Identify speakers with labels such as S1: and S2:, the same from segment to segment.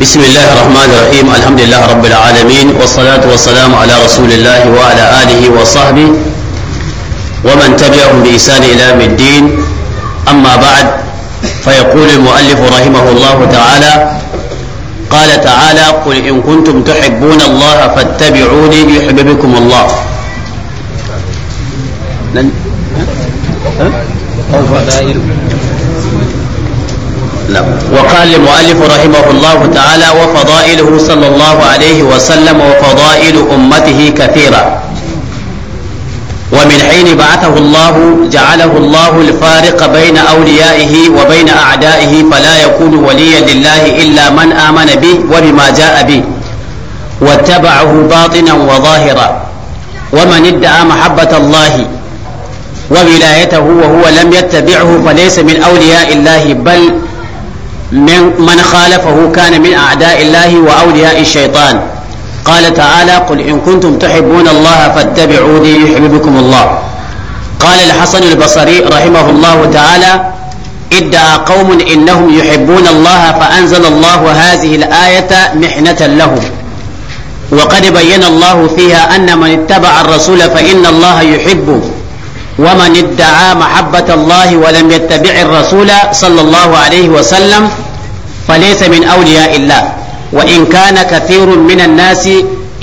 S1: بسم الله الرحمن الرحيم الحمد لله رب العالمين والصلاة والسلام على رسول الله وعلى آله وصحبه ومن تبعهم بإحسان إلى من الدين أما بعد فيقول المؤلف رحمه الله تعالى قال تعالى قل إن كنتم تحبون الله فاتبعوني يحببكم الله
S2: ها؟ ها؟
S1: نعم وقال المؤلف رحمه الله تعالى وفضائله صلى الله عليه وسلم وفضائل أمته كثيرة ومن حين بعثه الله جعله الله الفارق بين أوليائه وبين أعدائه فلا يكون وليا لله إلا من آمن به وبما جاء به واتبعه باطنا وظاهرا ومن ادعى محبة الله وولايته وهو لم يتبعه فليس من أولياء الله بل من من خالفه كان من أعداء الله وأولياء الشيطان قال تعالى قل إن كنتم تحبون الله فاتبعوني يحببكم الله قال الحسن البصري رحمه الله تعالى ادعى قوم إنهم يحبون الله فأنزل الله هذه الآية محنة لهم وقد بين الله فيها أن من اتبع الرسول فإن الله يحبه ومن ادعى محبة الله ولم يتبع الرسول صلى الله عليه وسلم فليس من أولياء الله وإن كان كثير من الناس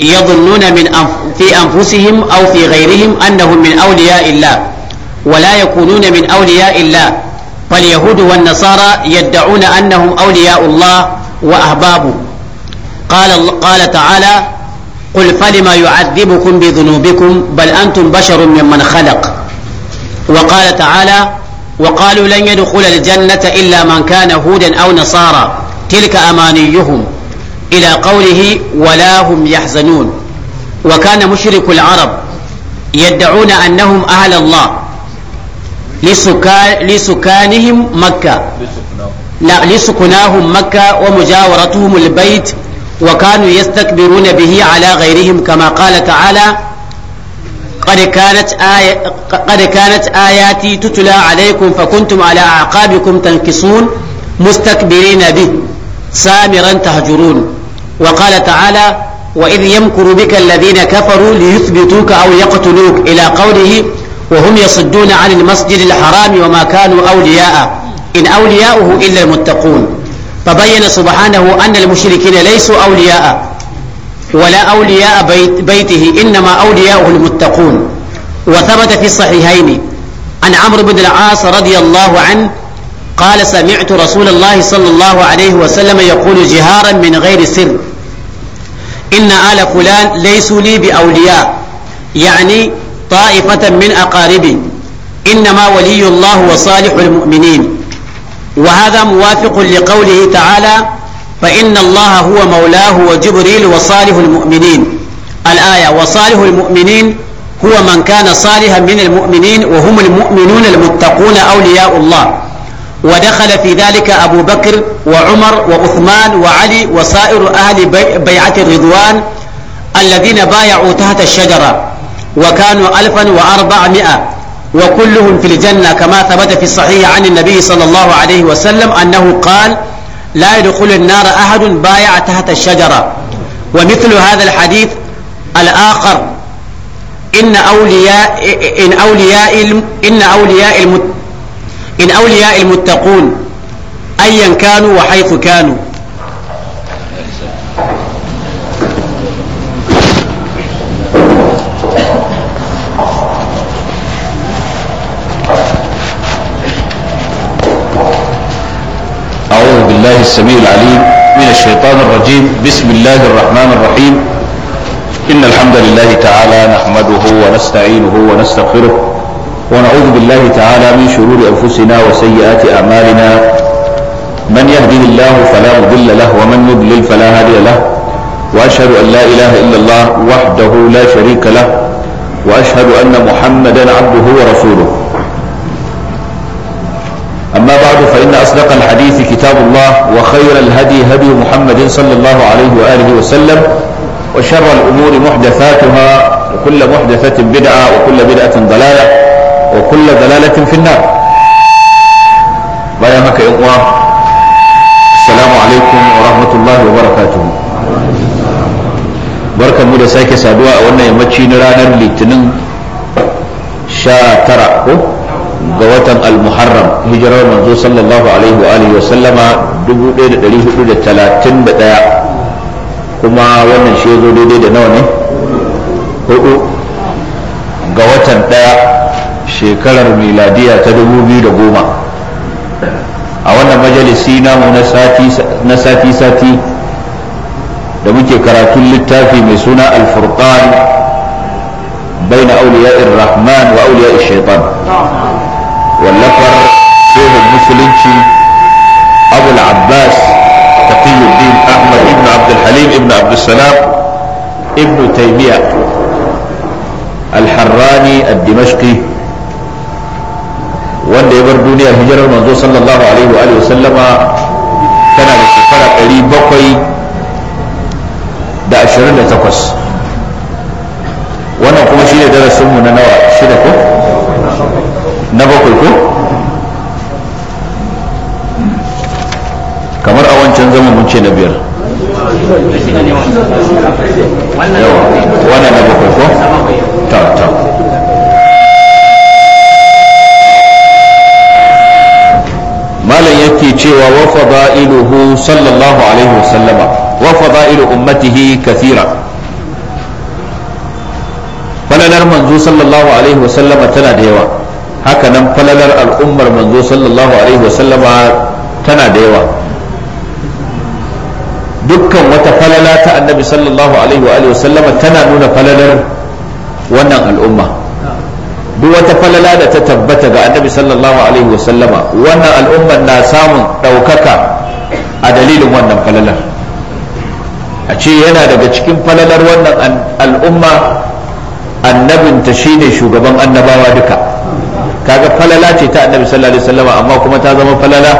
S1: يظنون من في أنفسهم أو في غيرهم أنهم من أولياء الله ولا يكونون من أولياء الله فاليهود والنصارى يدعون أنهم أولياء الله وأحبابه قال, قال تعالى قل فلما يعذبكم بذنوبكم بل أنتم بشر ممن خلق وقال تعالى وقالوا لن يدخل الجنة إلا من كان هودا أو نصارى تلك أمانيهم إلى قوله ولا هم يحزنون وكان مشرك العرب يدعون أنهم أهل الله لسكانهم مكة لا لسكناهم مكة ومجاورتهم البيت وكانوا يستكبرون به على غيرهم كما قال تعالى قد كانت آي... قد كانت آياتي تتلى عليكم فكنتم على أعقابكم تنكصون مستكبرين به سامرا تهجرون وقال تعالى وإذ يمكر بك الذين كفروا ليثبتوك أو يقتلوك إلى قوله وهم يصدون عن المسجد الحرام وما كانوا أولياء إن أولياؤه إلا المتقون فبين سبحانه أن المشركين ليسوا أولياء ولا أولياء بيت بيته إنما أولياؤه المتقون وثبت في الصحيحين عن عمرو بن العاص رضي الله عنه قال سمعت رسول الله صلى الله عليه وسلم يقول جهارا من غير سر إن آل فلان ليسوا لي بأولياء يعني طائفة من أقاربي إنما ولي الله وصالح المؤمنين وهذا موافق لقوله تعالى فإن الله هو مولاه وجبريل وصالح المؤمنين الآية وصالح المؤمنين هو من كان صالحا من المؤمنين وهم المؤمنون المتقون أولياء الله ودخل في ذلك أبو بكر وعمر وعثمان وعلي وسائر أهل بيعة الرضوان الذين بايعوا تحت الشجرة وكانوا ألفا وأربعمائة وكلهم في الجنة كما ثبت في الصحيح عن النبي صلى الله عليه وسلم أنه قال لا يدخل النار أحد بايع تحت الشجرة ومثل هذا الحديث الآخر إن أولياء إن أولياء إن أولياء إن أولياء المتقون أيا كانوا وحيث كانوا
S2: الله السميع العليم من الشيطان الرجيم بسم الله الرحمن الرحيم إن الحمد لله تعالى نحمده ونستعينه ونستغفره ونعوذ بالله تعالى من شرور أنفسنا وسيئات أعمالنا من يهده الله فلا مضل له ومن يضلل فلا هادي له وأشهد أن لا إله إلا الله وحده لا شريك له وأشهد أن محمدا عبده ورسوله أما بعد فإن أصدق الحديث كتاب الله وخير الهدي هدي محمد صلى الله عليه وآله وسلم وشر الأمور محدثاتها وكل محدثة بدعة وكل بدعة ضلالة وكل ضلالة في النار بيامك إقوى السلام عليكم ورحمة الله وبركاته بركة مودة سايكة سادوة وأنا يمتشي نرانا لتنن شاترأ ga watan al-muharram hijirar manzo sallallahu alaihi wa alihi wa sallama 1431 kuma wannan shi zo daidai da nawa ne hudu ga watan daya shekarar miladiya ta 2010 a wannan majalisi namu na sati-sati da muke karatun littafi mai suna al-furqan بين أولياء الرحمن وأولياء الشيطان musulunci abul abbas taqiyuddin ahmad ibn abdul halim ibn abdul ibn taymiya al-harrani ad wanda ya bar duniyar hijirar manzo sallallahu alaihi wa sallama tana da shekara 728 wannan kuma shine darasinmu na nawa shida ko na bakwai ko wancan zama mun ce na biyar wannan na bakwai
S3: ko? ta ta
S2: malam yake cewa wa fada'iluhu sallallahu alaihi wasallama wa fada'ilu ummatihi kathira falalar manzo sallallahu alaihi wasallama tana da yawa haka nan falalar al'ummar manzo sallallahu alaihi wasallama tana da yawa dukkan wata falala ta annabi sallallahu alaihi wa sallama tana nuna falalar wannan al'umma duk wata falala da ta tabbata ga annabi sallallahu alaihi wa sallama wannan al'umma na samun ɗaukaka a dalilin wannan falalar a ce yana daga cikin falalar wannan al'umma annabinta shine shugaban annabawa duka kaga falala ce ta annabi sallallahu alaihi amma kuma ta zama falala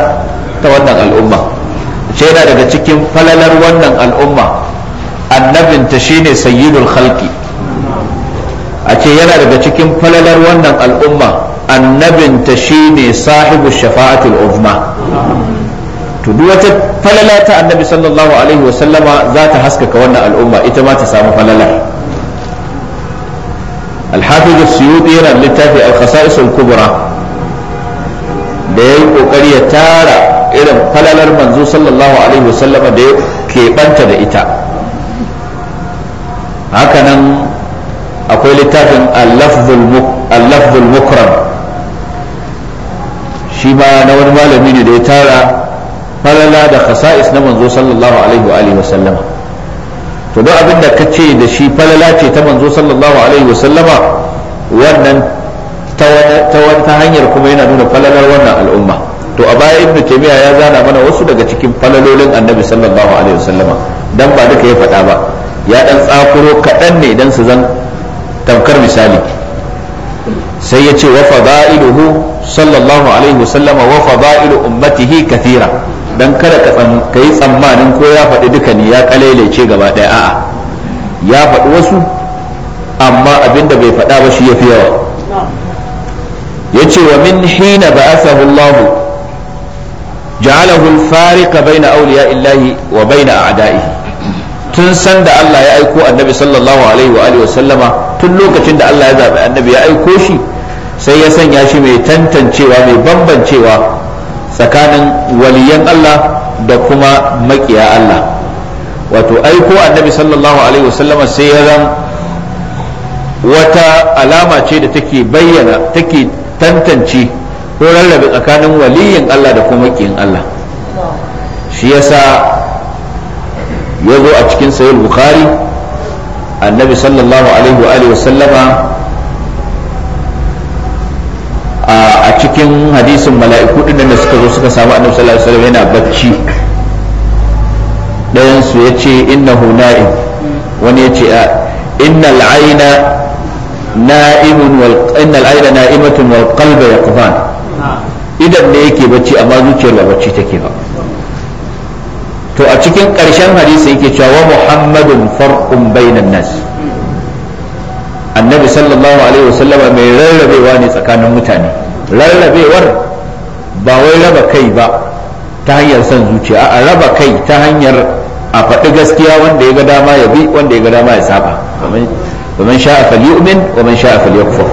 S2: ta wannan al'umma ta yana daga cikin falalar wannan al'umma annabinta shine sayyidul khalqi a ce yana daga cikin falalar wannan al'umma annabinta shine sahibu shafa'atul uzma to duk wata falala ta annabi sallallahu alaihi wasallama za ta haskaka wannan al'umma ita ma ta samu falala الحافظ السيوطي yana littafi الخصائص الكبرى da ya yi kokari ya tara irin falalar manzo sallallahu alaihi wasallama da ya keɓanta da ita hakanan akwai littafin allafzul mukram shi ma na wani malami ne da ya tara falala da khasa'is na manzo sallallahu alaihi wa alihi wasallama to don abin da ka ce da shi falala ce ta manzo sallallahu alaihi wasallama wannan ta hanyar kuma yana nuna falalar wannan al'umma to a baya ibnu taymiya ya zana mana wasu daga cikin falalolin annabi sallallahu alaihi wasallama dan ba duka ya faɗa ba ya dan tsakuro kaɗan ne dan su zan tamkar misali sai ya ce wa fada'iluhu sallallahu alaihi wasallama wa fada'ilu ummatihi kathira dan kada ka yi tsammanin ko ya faɗi duka ne ya ce gaba ɗaya a'a ya faɗi wasu amma abinda bai faɗa ba shi ya fi yawa ya ce wa min hina ba'athahu Allah ja'alahu al-fariqa baina awliya'illahi wa baina a ada'i. tun sanda Allah ya aiko annabi sallallahu tun lokacin da Allah ya zabi annabi ya aiko shi sai ya sanya shi mai tantancewa mai bambancewa tsakanin waliyan Allah da kuma maƙiya Allah wato aiko annabi sallallahu sai yaran wata alama ce da take bayyana take tantance ko rarrabe tsakanin waliyin Allah da kuma makiyin Allah shi yasa ya zo a cikin sahih bukhari annabi sallallahu alaihi wa sallama a cikin hadisin mala'iku din da suka zo suka samu annabi sallallahu alaihi wasallam yana bacci ɗayan su yace innahu na'im wani yace innal aina na'imun innal aina na'imatun wal qalbu yaqfan idan ne yake bacci amma zuciyar ba bacci take ba to a cikin ƙarshen hadisi yake cewa wa muhammadun farqun bainan nas annabi sallallahu alaihi wasallama mai rarrabewa ne tsakanin mutane rarrabewar ba wai raba kai ba ta hanyar son zuciya a raba kai ta hanyar a faɗi gaskiya wanda ya ga dama ya bi wanda ya ga dama ya saba yu'min wa man sha'a fal yakfur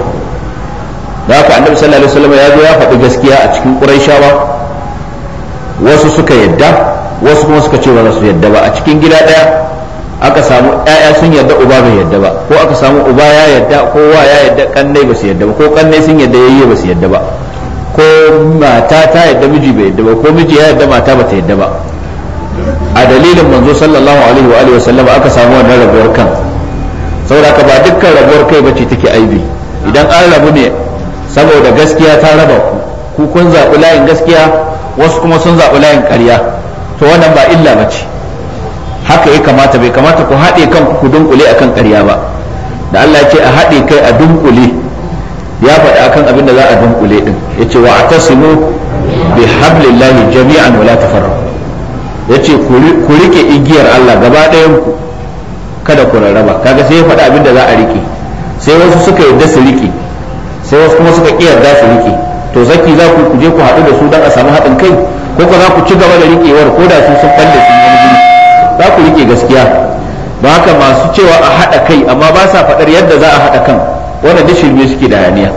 S2: da haka annabi sallallahu alaihi wasallam ya zo ya faɗi gaskiya a cikin quraishawa wasu suka yadda wasu kuma suka ce ba za su yadda ba a cikin gida ɗaya aka samu ƴaƴa sun yadda uba bai yadda ba ko aka samu uba ya yadda kowa ya yadda kannai ba su yadda ba ko kannai sun yadda yayye ba su yadda ba ko mata ta yadda miji bai yadda ba ko miji ya yadda mata ba ta yadda ba a dalilin manzo sallallahu alaihi wa alihi wasallam aka samu wannan rabuwar kan saboda ka ba dukkan rabuwar kai bace take aibi idan an rabu ne saboda gaskiya ta raba ku ku kun zaɓi layin gaskiya wasu kuma sun zaɓi layin ƙarya to wannan ba illa ba ce haka ya kamata bai kamata ku haɗe kanku ku dunkule akan ƙarya ba da Allah ce a haɗe kai a dunkule ya faɗi akan abin da za a dunkule din ce wa atasimu bi hablillahi jami'an wala ya yace ku rike igiyar Allah gaba ɗayan ku kada ku rarraba kaga sai ya faɗi abin da za a rike sai wasu suka yarda su rike sai wasu kuma suka kiyar yarda su rike to zaki za ku je ku haɗu da su don a samu haɗin kai ko ku za ku ci gaba da riƙewar ko da su sun falle sun wani za ku riƙe gaskiya ba haka masu cewa a haɗa kai amma ba sa faɗar yadda za a haɗa kan wannan da shirme suke da haniya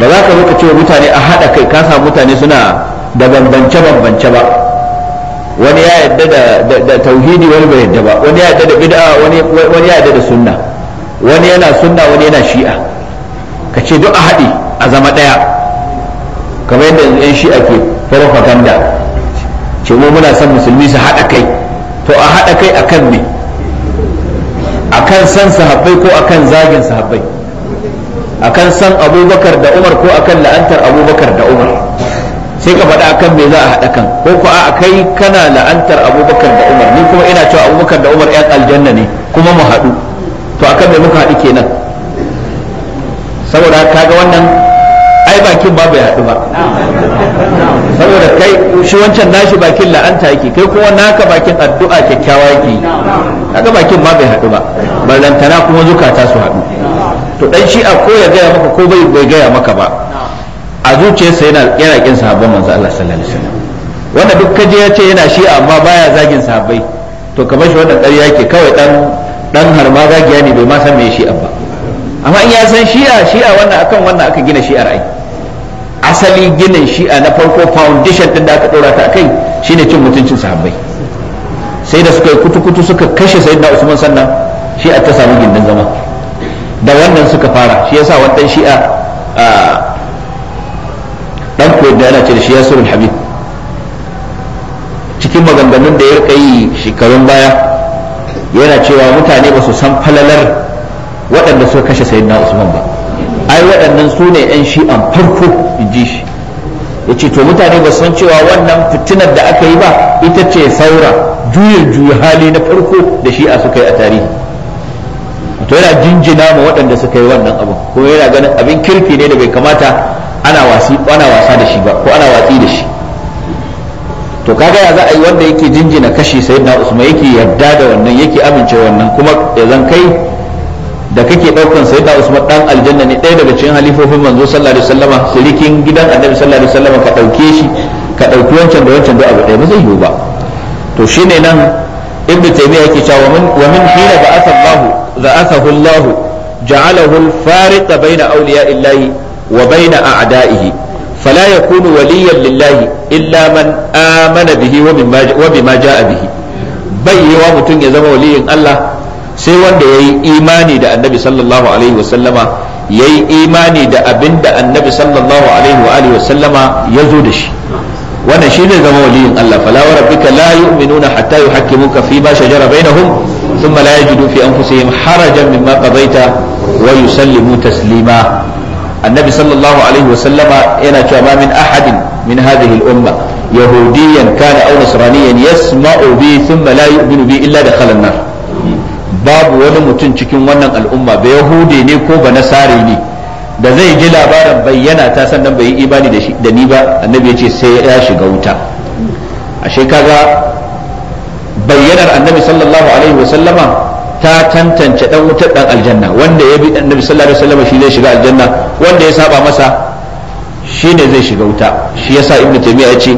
S2: ba za ka zo ka cewa mutane a haɗa kai ka samu mutane suna da bambance-bambance ba wani ya yadda da tauhidi wani bai yadda ba wani ya yadda da bid'a wani ya yadda da sunna wani yana sunna wani yana shi'a ka ce duk a haɗi a zama ɗaya kamar yadda yan shi ake propaganda ce mu muna son musulmi su haɗa kai to a haɗa kai a kan ne, a kan san sahabbai ko a kan zagin sahabbai kan san abubakar da umar ko a kan la'antar abubakar da umar sai ka faɗa akan me za a haɗa kan ko kuwa a kai kana la'antar abubakar da umar ni kuma ina cewa abubakar da umar yan aljanna ne kuma mu haɗu to akan me muka haɗu kenan saboda kaga wannan ai bakin babu yaɗu ba saboda kai shi wancan nashi bakin la'anta yake kai kuma naka bakin addu'a kyakkyawa yake kaga bakin ma bai haɗu ba ballantana kuma zukata su haɗu to dan shi a ko ya gaya maka ko bai bai gaya maka ba a zuciyarsa yana yana kin sahabban manzo Allah sallallahu alaihi wasallam wanda duk kaje ya ce yana shi amma baya zagin sahabbai to kamar shi wannan ƙarya yake kawai dan dan harma zagiya ne bai ma san me shi abba amma in ya san shi'a shi'a wannan akan wannan aka gina shi'ar ai asali ginin shi'a na farko foundation din da aka dora ta kai shine cin mutuncin sahabbai sai da suka kutu-kutu suka kashe sayyidina usman sannan shi'a ta samu gindin zama da wannan suka fara shi yasa wannan shi'a dan ko da ana ce da shi yasirul habib cikin maganganun da ya rika yi shekarun baya yana cewa mutane ba su san falalar waɗanda suka kashe sayyidina usman ba ai waɗannan su ne 'yan shi'an farko in ji shi ya ce to mutane ba san cewa wannan fitinar da aka yi ba ita ce saura juyin juyi hali na farko da shi'a suka yi a tarihi to yana jinjina ma waɗanda suka yi wannan abu kuma yana ganin abin kirki ne da bai kamata ana wasa da shi ba ko ana watsi da shi to kaga ya za a yi wanda yake jinjina kashi sayyidina usman yake yarda da wannan yake amince wannan kuma ya zan kai da kake daukan sayyida usman dan aljanna ne ɗaya daga cikin halifofin manzo sallallahu alaihi wasallama sirikin gidan annabi sallallahu alaihi wasallama ka dauke shi ka dauki wancan da wancan da abu ɗaya ba zai yiwu ba to shine nan ibnu taymiya yake cewa min wa min hina ba'atha Allah ba'athahu Allah ja'alahu al-fariq baina awliya'illahi wa baina a'da'ihi فلا يكون وليا لله إلا من آمن به وبما جاء به بي ومتن يزم ولي الله sai wanda ya yi imani da annabi sallallahu alaihi wasallama ya yi imani da abin da annabi sallallahu alaihi wa wasallama ya zo da shi wannan shi ne zama waliyin Allah fala wa rabbika la yu'minuna hatta yuhaqqimuka fi ma shajara bainahum thumma la yajidu fi anfusihim harajan mimma qadaita wa yusallimu taslima annabi sallallahu alaihi wasallama yana cewa ma min ahadin min hadhihi al-umma yahudiyan kana aw nasraniyan yasma'u bi thumma la yu'minu bi illa dakhala an-nar babu wani mutum cikin wannan al'umma ba yahude ne ko ba nasare ne da zai ji labarin bayyana ta sannan bai yi imani da ni ba annabi ya ce sai ya shiga wuta ashe kaga bayyanar annabi sallallahu alaihi wasallama ta tantance dan wutar dan aljanna wanda ya bi annabi sallallahu alaihi wasallam shi zai shiga aljanna wanda ya saba masa shi ne zai shiga wuta shi yasa ibnu taymiya ya ce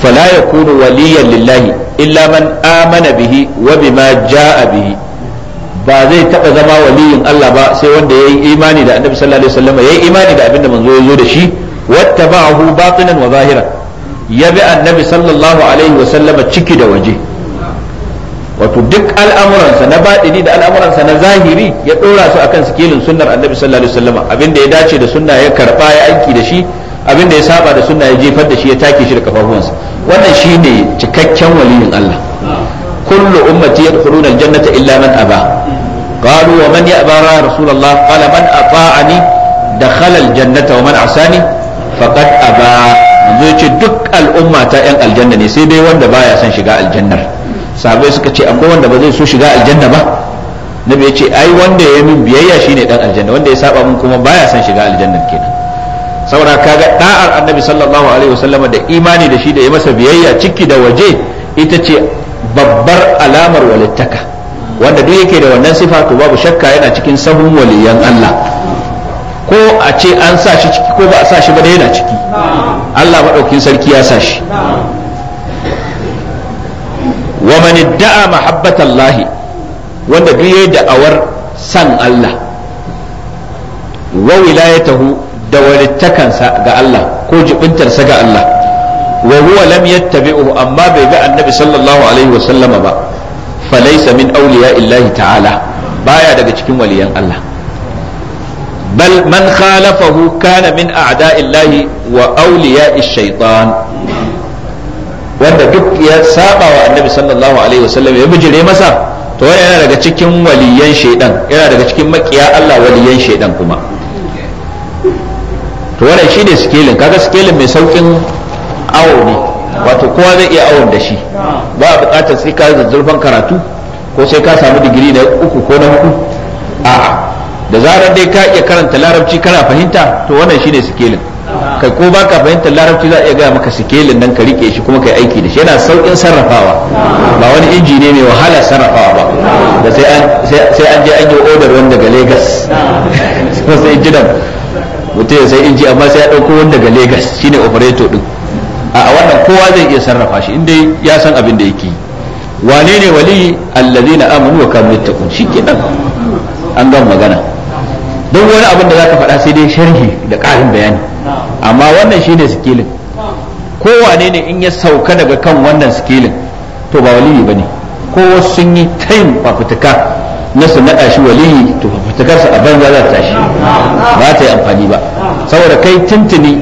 S2: fala yakunu waliyan lillahi illa man amana bihi wa bima jaa bihi ba zai taba zama waliyin Allah ba sai wanda yi imani da Annabi sallallahu alaihi wasallam yayi imani da abinda manzo zo da shi wattaba'ahu batinan wa zahira ya bi Annabi sallallahu alaihi wasallam ciki da waje wato duk al'amuransa na baɗini da al'amuransa na zahiri ya ɗora su akan sikilin sunnar annabi sallallahu alaihi wasallam abinda ya dace da sunna ya karɓa ya aiki da shi abinda ya saba da sunna ya jefar da shi ya take shi da kafafuwansa wannan shine cikakken waliyin Allah kullu ummati yadkhuluna aljannata illa man aba قالوا ومن يأبى يا رسول الله قال من أطاعني دخل الجنة ومن عصاني فقد أبى manzo ya ce duk al'umma ta 'yan aljanna ne sai dai wanda baya son shiga aljannar sabai suka ce akwai wanda ba zai so shiga aljanna ba nabi ya ce ai wanda ya min biyayya shine dan aljanna wanda ya saba mun kuma baya son shiga aljannar kenan saboda kaga da'ar annabi sallallahu alaihi wasallama da imani da shi da ya masa biyayya ciki da waje ita ce babbar alamar walittaka wanda duk yake da wannan sifa to babu shakka yana cikin sahun waliyan Allah ko a ce an sa shi ciki ko ba a sa shi ba da yana ciki Allah maɗaukin sarki ya sa shi wa man da'a mahabbatallahi wanda duk yayi da'awar san Allah wa wilayatahu da walittakansa ga Allah ko jibintarsa ga Allah wa huwa lam yattabi'uhu amma bai ga annabi sallallahu alaihi wa sallama ba falaysa min awliya illahi ta'ala baya daga cikin waliyan Allah bal man khalafahu kana min a'da'illahi wa auliya shaytan wanda duk ya saba wa annabi sallallahu alaihi wasallam ya bijire masa to yana daga cikin waliyan shaydan yana daga cikin makiya Allah waliyan shaydan kuma to wannan shine sikelin kaga sikelin mai saukin awo ne wato kowa zai iya awon da shi ba a bukatar sai ka zazzurfan karatu ko sai ka samu digiri na uku ko na hudu a'a da zarar dai ka iya karanta larabci kana fahimta to wannan shine sikelin kai ko baka fahimtar larabci za a iya gaya maka sikelin nan ka rike shi kuma kai aiki da shi yana saukin sarrafawa ba wani inji mai wahala sarrafawa ba da sai an je an yi odar wanda daga Legas sai jinan mutum sai inji amma sai ya ɗauko wanda daga Legas shine operator din a wannan kowa zai iya sarrafa shi inda ya san abin da yake wane ne wali na amunu wa kanu ke shikenan an gama magana don wani abin da za ka faɗa sai dai sharhi da ƙarin bayani amma wannan shi ne sikilin kowane ne in ya sauka daga kan wannan sikilin to ba waliyi ba ne? kowa sun yi tayin fafutuka na su naɗa shi waliyi to fafutukarsa a banza za ta tashi ba ta yi amfani ba saboda kai tuntuni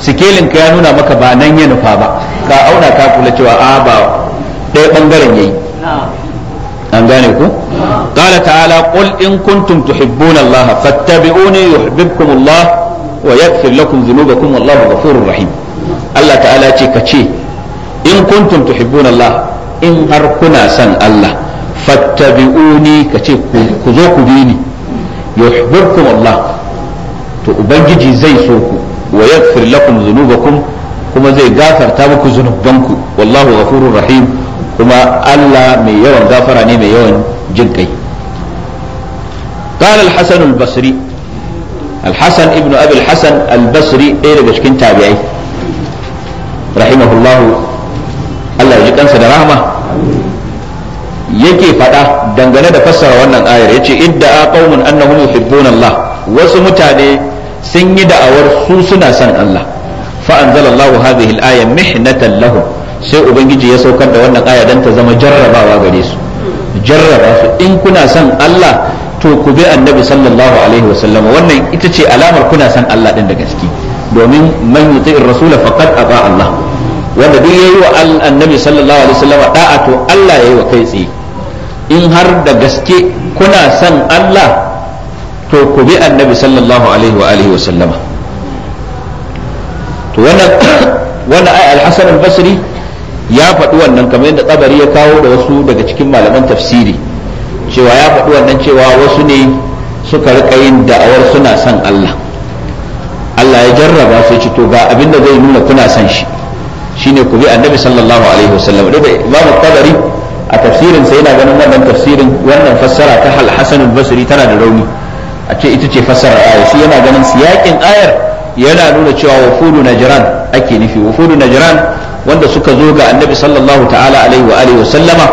S2: sikelin ka ya nuna maka ba nan ya nufa ba ka auna ka kula cewa a ah, ba ɗaya bangaren yayi an gane ku qala ta'ala qul in kuntum tuhibbuna allaha fattabi'uni yuhibbukum allah wa yaghfir lakum dhunubakum wallahu ghafurur rahim Allah ta'ala ce ka ce in kuntum tuhibbuna Allah in har kuna son Allah fattabi'uni ka ce ku zo ku bi ni yuhibbukum Allah to ubangiji zai so ku wa yaghfir lakum kuma zai gafarta muku zunubanku wallahu ghafurur rahim kuma Allah mai yawan gafara ne mai yawan jin kai قال الحسن البصري الحسن ابن أبي الحسن البصري إيه بشكين تابعي رحمه yake faɗa dangane da fassara wannan ayar yace idda qaumun annahum yuhibbuna Allah wasu mutane sun yi da'awar su suna son Allah fa anzalallahu hadhihi al-aya mihnatan lahum sai ubangiji ya saukar da wannan aya dan ta zama jarrabawa gare su jarraba su in kuna son Allah to ku bi annabi sallallahu alaihi wasallam wannan ita ce alamar kuna son Allah din da gaske domin man yuti'ir rasul faqad aba Allah wanda duk yayi wa annabi sallallahu alaihi wasallam da'a to Allah yayi wa kai tsi in har da gaske kuna son Allah to ku bi annabi sallallahu alaihi wa alihi wa sallama to wannan wannan ai al-hasan al-basri ya faɗi wannan kamar yadda tsabari ya kawo da wasu daga cikin malaman tafsiri cewa ya faɗi wannan cewa wasu ne suka rika yin da'awar suna son Allah Allah ya jarraba su ci to ga abin da zai nuna kuna son shi shine ku bi annabi sallallahu alaihi sallama da imam tsabari a tafsirin sa yana ganin wannan tafsirin wannan fassara ta al hasan basri tana da rauni a ce ita ce fassarar aya shi yana ganin siyakin ayar yana nuna cewa wafudu najran ake nufi wafudu najran wanda suka zo ga annabi sallallahu ta'ala alaihi wa alihi wa sallama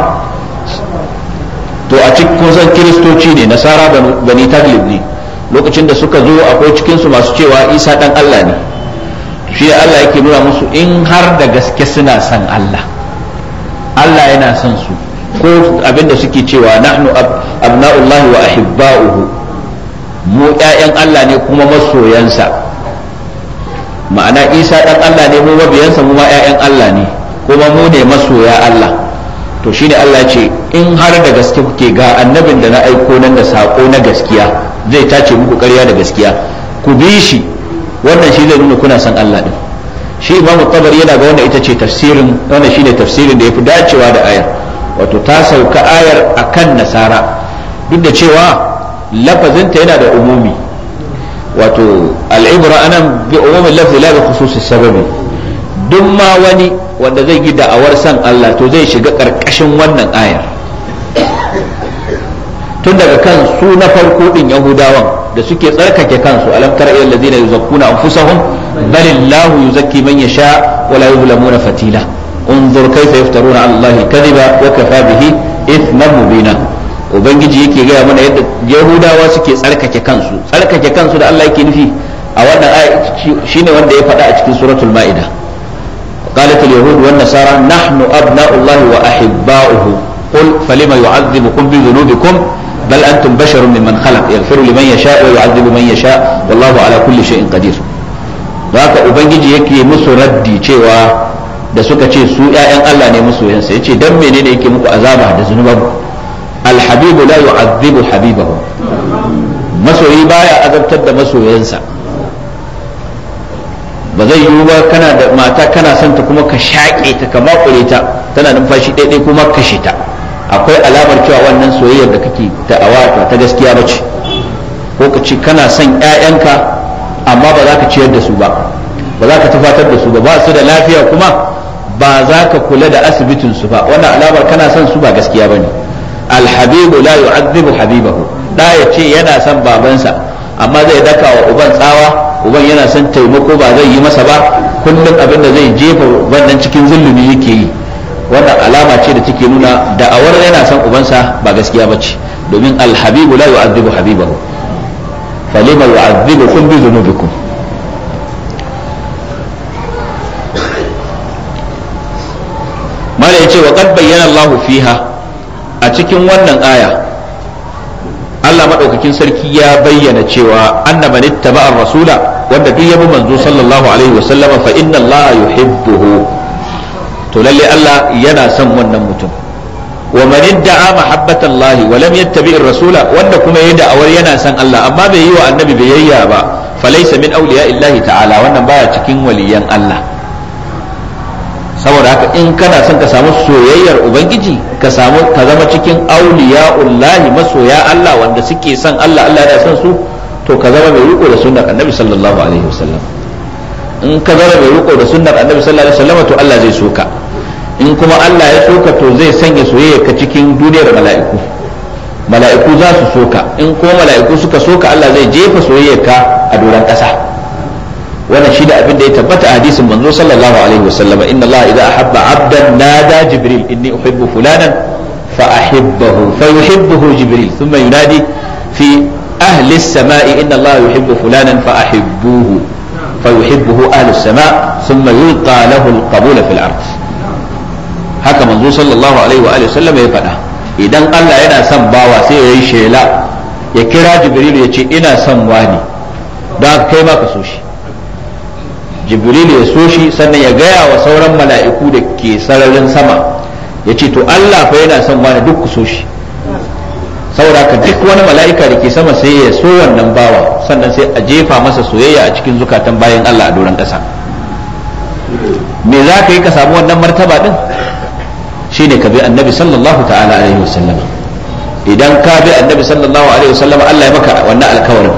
S2: to a cikin san kiristoci ne nasara bani taglib ne lokacin da suka zo akwai cikin su masu cewa isa dan Allah ne shi Allah yake nuna musu in har da gaske suna san Allah Allah yana son su ko abinda suke cewa nahnu abna'ullahi wa ahibba'uhu mu ƴaƴan Allah ne kuma masoyansa ma'ana isa ɗan Allah ne mu mabiyansa mu ma ƴaƴan Allah ne kuma mu ne masoya Allah to shi ne Allah ce in har da gaske kuke ga annabin da na aiko nan da sako na gaskiya zai tace muku ƙarya da gaskiya ku bi shi wannan shi zai nuna kuna san Allah ɗin shi imamu tabari yana ga wanda ita ce tafsirin wanda ne tafsirin da ya fi dacewa da ayar wato ta sauka ayar akan nasara duk da cewa lafazinta yana da umumi wato al'ibra anan bi umumin lafzi la bi khususi sababi duk ma wani wanda zai yi da'awar san Allah to zai shiga karkashin wannan ayar tun daga kan su na farko din yahudawan da suke tsarkake kansu alam tara ilal ladina yuzakkuna anfusahum bal illahu yuzakki man yasha wa la yuzlamuna fatila انظر كيف يفترون على الله الكذب وكفى به اثما مبينا ubangiji yake gaya mana yadda yahudawa suke tsarkake kansu tsarkake kansu da Allah yake nufi a wannan aya shine wanda ya faɗa a cikin suratul ma'ida قالت اليهود والنصارى نحن أبناء الله falima قل فلما يعذبكم بذنوبكم بل أنتم بشر ممن خلق يغفر لمن يشاء ويعذب من يشاء والله على كل شيء قدير haka ubangiji yake musu raddi cewa da suka ce su ‘ya'yan Allah ne musu yansa ya ce ne menene yake muku azaba da zunubanku alhabibu la yu'azzibu Habiba. masoyi baya azabtar da masoyansa ba zai yiwu ba kana da mata kana son ta kuma ka shaƙe ta ka makure ta tana numfashi ɗaiɗai kuma kashe ta akwai alamar cewa wannan soyayyar da kake ta awata ta gaskiya ba ce ko ka ce kana son ƴaƴanka amma ba za ka ciyar da su ba ba za ka tufatar da su ba basu da lafiya kuma ba za ka kula da asibitin su ba wannan alamar kana son su ba gaskiya ba ne alhabibu la yu'adhibu habibahu da ya ce yana son babansa amma zai daka wa uban tsawa uban yana son taimako ba zai yi masa ba kullum abin da zai jefa nan cikin zulumi yake yi wanda alama ce da take nuna da awar yana son ubansa ba gaskiya ba ce domin alhabibu la yu'adhibu habibahu falima kun bi dhunubikum mala yace wa qad bayyana Allahu fiha cikin wannan aya Allah maɗaukakin sarki ya bayyana cewa anna man ittaba'a rasula wanda duk ya manzo sallallahu alaihi wa sallama fa inna Allah yuhibbuhu to lalle Allah yana son wannan mutum wa man lahi mahabbatallahi wa lam yattabi'ir rasula wanda kuma yayi da'awar yana son Allah amma bai yi wa annabi biyayya ba falaysa min illahi ta'ala wannan baya cikin waliyan Allah saboda haka in kana son ka samu soyayyar ubangiji ka samu ka zama cikin auliya'ullahi masoya Allah wanda suke son Allah Allah yana son su to ka zama mai riko da sunnar annabi sallallahu alaihi wasallam in ka zama mai riko da sunnar annabi sallallahu alaihi wasallam to Allah zai soka in kuma Allah ya soka to zai sanya soyayya ka cikin duniyar mala'iku mala'iku za su soka in kuma mala'iku suka soka Allah zai jefa soyayya ka a doran ƙasa wannan shi da abin da ya tabbata a hadisin manzo sallallahu alaihi wasallam inna Allah idza ahabba abdan nada jibril inni uhibbu fulanan fa ahibbahu fa yuhibbuhu jibril thumma yunadi fi ahli as-sama'i inna Allah yuhibbu fulanan fa ahibbuhu fa yuhibbuhu ahli as-sama' thumma yulqa lahu al-qabula fil ard haka manzo sallallahu alaihi wa alihi wasallam ya fada idan Allah yana son bawa sai ya yi shela ya kira jibril ya ce ina son wani don kai ma ka so shi jibril ya so shi sannan ya gaya wa sauran mala'iku da ke sararin sama ya ce to Allah fa yana son wani duk ku so shi saboda ka duk wani mala'ika da ke sama sai ya so wannan bawa sannan sai a jefa masa soyayya a cikin zukatan bayan Allah a doron ƙasa me za ka yi ka samu wannan martaba din shine ka bi annabi sallallahu ta'ala alaihi wasallam idan ka bi annabi sallallahu alaihi wasallam Allah ya maka wannan alkawarin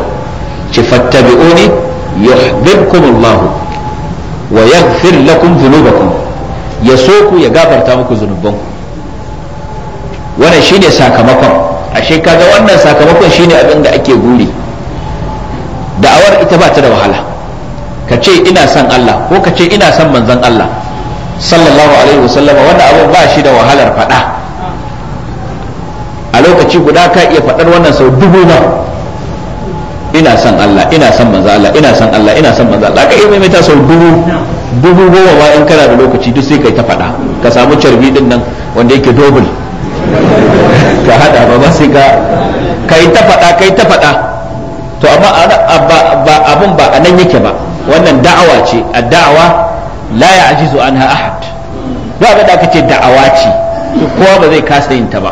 S2: ci fattabi'uni yuhibbukum Allah wa yaghfir lakum dhunubakum ya so ku ya gafarta muku zunubanku wannan shine sakamakon ashe kaga wannan sakamakon shine abin da ake guri da'awar ita ba ta da wahala ka ce ina son Allah ko ka ce ina son manzon Allah sallallahu alaihi wasallama wanda abin ba shi da wahalar faɗa a lokaci guda ka iya faɗar wannan sau dubu ba ina son Allah ina son manzo Allah ina son Allah ina son manzo Allah kai mai ta sau dubu dubu goma ba in kana da lokaci duk sai kai ta faɗa ka samu carbi din nan wanda yake dobul ka hada ba ba sai ka kai ta faɗa kai ta faɗa to amma ba abun ba anan yake ba wannan da'awa ce ad-da'wa la ya'jizu anha ahad ba abin da aka ce da'awa ce kowa ba zai kasa yin ta ba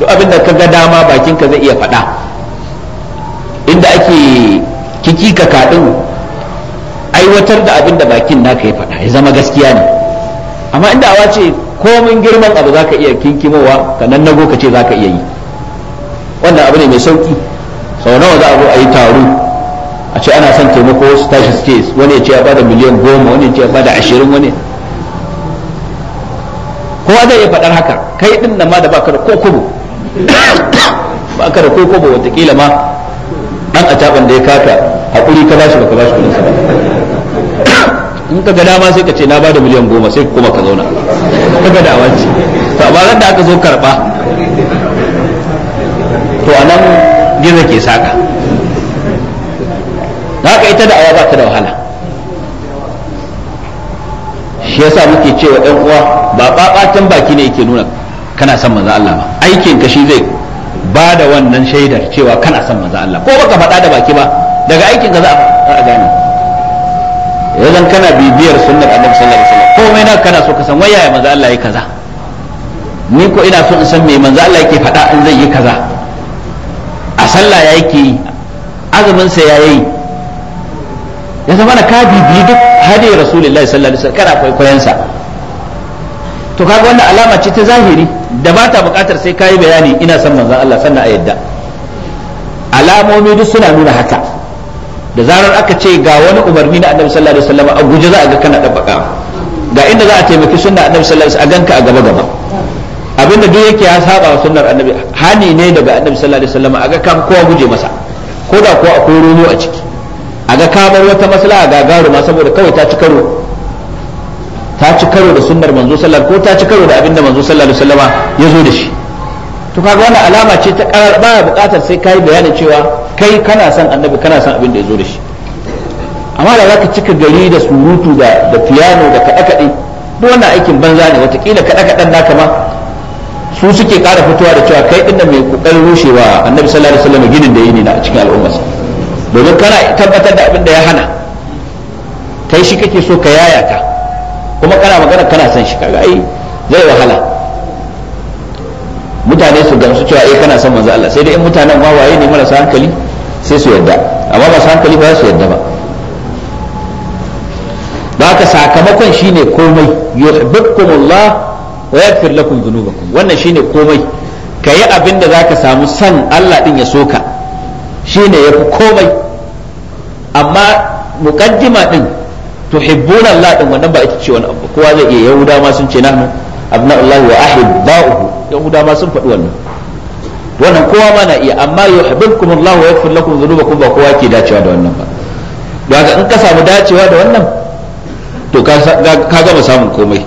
S2: duk abinda ka ga dama bakin ka zai iya faɗa inda ake kiki ka kaɗin aiwatar da abin da bakin naka ya faɗa ya zama gaskiya ne amma inda awa ce komin girman abu zaka iya kinkimowa ka nan nago ka ce zaka iya yi wannan abu ne mai sauki sau nawa za a zo a yi taro a ce ana son taimako wasu tashi suke wani ya ce ya bada miliyan goma wani ya ce ya bada ashirin wani kowa zai iya faɗar haka kai ɗin nan ma da baka da ko kobo baka da ko kobo watakila ma nan a taban da ya kaka hakuri ka bashi baka bashi kudin sa in ka ga dama sai ka ce na bada miliyan goma sai kuma ka zauna ka ga dawa ce to amma ran da aka zo karba to anan gizo ke saka haka ita da awa ba ta da wahala shi yasa muke cewa ɗan uwa ba ɓaɓatan baki ne yake nuna kana son manzo Allah ba aikin ka shi zai ba da wannan shaidar cewa kana son manzo Allah ko baka faɗa da baki ba daga aikin ka za a gane idan kana bibiyar sunnar annabi sallallahu alaihi wasallam komai na kana so ka san wayaye manzo Allah yake kaza ni ko ina so in san me manzo Allah yake faɗa in zai yi kaza a sallah ya yake azumin sa ya yi ya zama na ka bibiyi duk hadi rasulullahi sallallahu alaihi wasallam kana kwaikwayon sa to kaga wannan alama ce ta zahiri da ba ta bukatar sai kayi bayani ina son manzon Allah sannan a yadda alamomi duk suna nuna haka da zarar aka ce ga wani umarni na annabi sallallahu alaihi wasallam a guje za a ga kana dabbaka ga inda za a taimaki sunna annabi sallallahu alaihi wasallam a ganka a gaba gaba abinda duk yake ya saba wa sunnar annabi hani ne daga annabi sallallahu alaihi wasallam a ga kam kowa guje masa ko da kowa akwai rumo a ciki a ga kamar wata maslaha gagaruma saboda kawai ta ci karo ta ci karo da sunnar manzo sallallahu ko ta ci karo da abinda manzo sallallahu alaihi wasallama ya zo da shi to kaga wannan alama ce ta karar ba bukatar sai kai bayani cewa kai kana son annabi kana son abinda ya zo da shi amma da zaka cika gari da surutu da da piano da kada kaɗe duk wannan aikin banza ne watakila kada kadan naka kama su suke ƙara fitowa da cewa kai dinda mai kokarin rushewa annabi sallallahu alaihi wasallam ginin da yi ne na cikin al'umma. domin kana tabbatar da abin da ya hana kai shi kake so ka yaya ka kuma kana magana kana son shi kaga ai zai wahala mutane su gamsu cewa eh kana son manzo Allah sai dai in mutanen ma waye ne marasa hankali sai su yadda amma masu hankali ba su yadda ba ba ka sakamakon shine komai yuhibbukumullah wa yaghfir lakum dhunubakum wannan shine komai kayi abin da zaka samu son Allah din ya soka shine yafi komai amma muqaddima din tuhibbuna Allah din wannan ba ita ce wani abu kowa zai iya yahuda ma sun ce nahnu abna'ullahi wa ahibba'uhu yahuda ma sun faɗi wannan wannan kowa ma na iya amma yuhibbukum Allah wa yaghfir lakum dhunubakum ba kowa ke dacewa da wannan ba don haka in ka samu dacewa da wannan to ka gama samun komai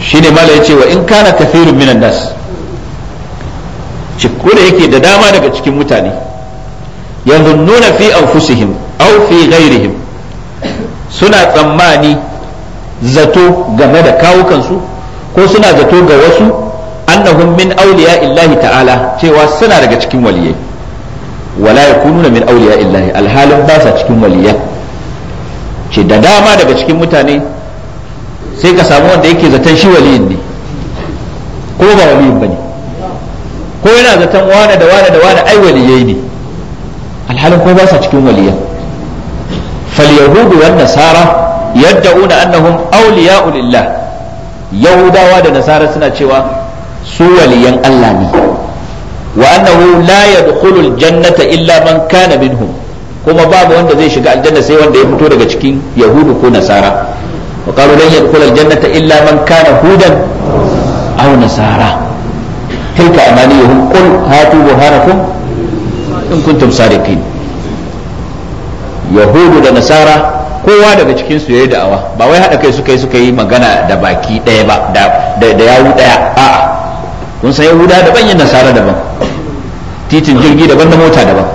S2: shine mala yace wa in kana kathirun minan nas cikku da yake da dama daga cikin mutane yanzu nuna fi anfusihim aw fi ghairihim suna tsammani zato game da kawukansu ko suna zato ga wasu annahum min awliya illahi ta'ala cewa suna daga cikin waliyai wala yakununa min awliya illahi alhalin ba sa cikin waliyai ce da dama daga cikin mutane sai ka samu wanda yake zaton shi waliyin ne ko ba waliyin bane ko yana zaton wane da wane da wane ai waliyai ne alhalin ko ba sa cikin waliyan falyahudu wan nasara yad'una annahum awliya'u lillah yahudawa da nasara suna cewa su waliyan Allah ne wa annahu la yadkhulul jannata illa man kana minhum kuma babu wanda zai shiga aljanna sai wanda ya fito daga cikin yahudu ko nasara wa qalu lan yadkhul aljannata illa man kana hudan aw nasara tilka amaniyuhum qul hatu burhanakum in kuntum sadiqin yahudu da nasara kowa daga cikin su yayi da'awa ba wai haɗa kai suka yi suka yi magana da baki ɗaya ba da da yawu ɗaya a'a kun san yahuda daban yin nasara daban titin jirgi daban da mota daban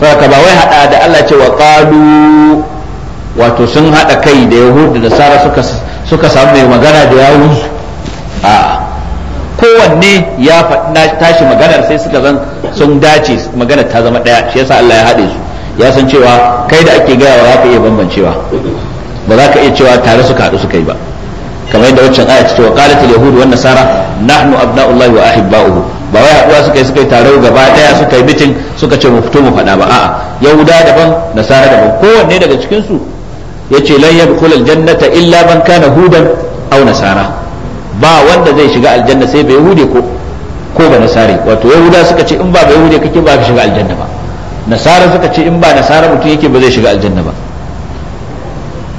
S2: saboda ba wai haɗa da Allah ce wa qalu wato sun haɗa kai da yahudu da nasara suka suka samu mai magana da yawun su a'a kowanne ya tashi maganar sai suka zan sun dace maganar ta zama ɗaya shi yasa Allah ya haɗe su ya san cewa kai da ake gaya za ka iya bambancewa ba za ka iya cewa tare ka haɗu su kai ba kamar yadda wancan aya ce wa qalat al yahud wan nasara nahnu abna'ullahi wa ahibba'uhu ba wai haɗuwa suka yi suka yi tare gaba daya suka yi bitin suka ce mu fito mu faɗa ba a'a yahuda daban nasara daban kowanne daga cikin su yace lan yadkhul al jannata illa man kana hudan aw nasara ba wanda zai shiga aljanna sai bai hude ko ko ba nasari wato yahuda suka ce in ba bai hude kake ba ka shiga aljanna ba nasara suka ce in ba nasara mutum yake ba zai shiga aljanna ba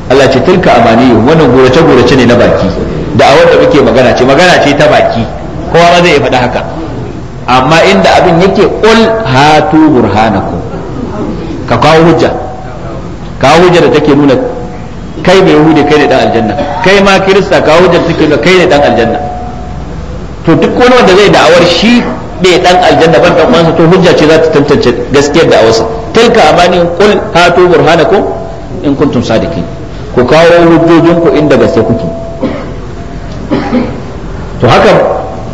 S2: Allah ce tilka amaniyu wannan gurace gurace ne na baki da awar da muke magana ce magana ce ta baki kowa ba zai iya faɗa haka amma inda abin yake ul hatu burhanakum ka kawo hujja kawo hujja da take nuna kai mai yahudi kai ne dan aljanna kai ma kirista kawo hujja da take nuna kai ne dan aljanna to duk wani wanda zai da'awar shi be dan aljanna ban dan uwansa to hujja ce za ta tantance gaskiyar da awasa tilka amani qul hatu burhanakum in kuntum sadiqin ku kawo hujjojin ku inda gaske kuke to haka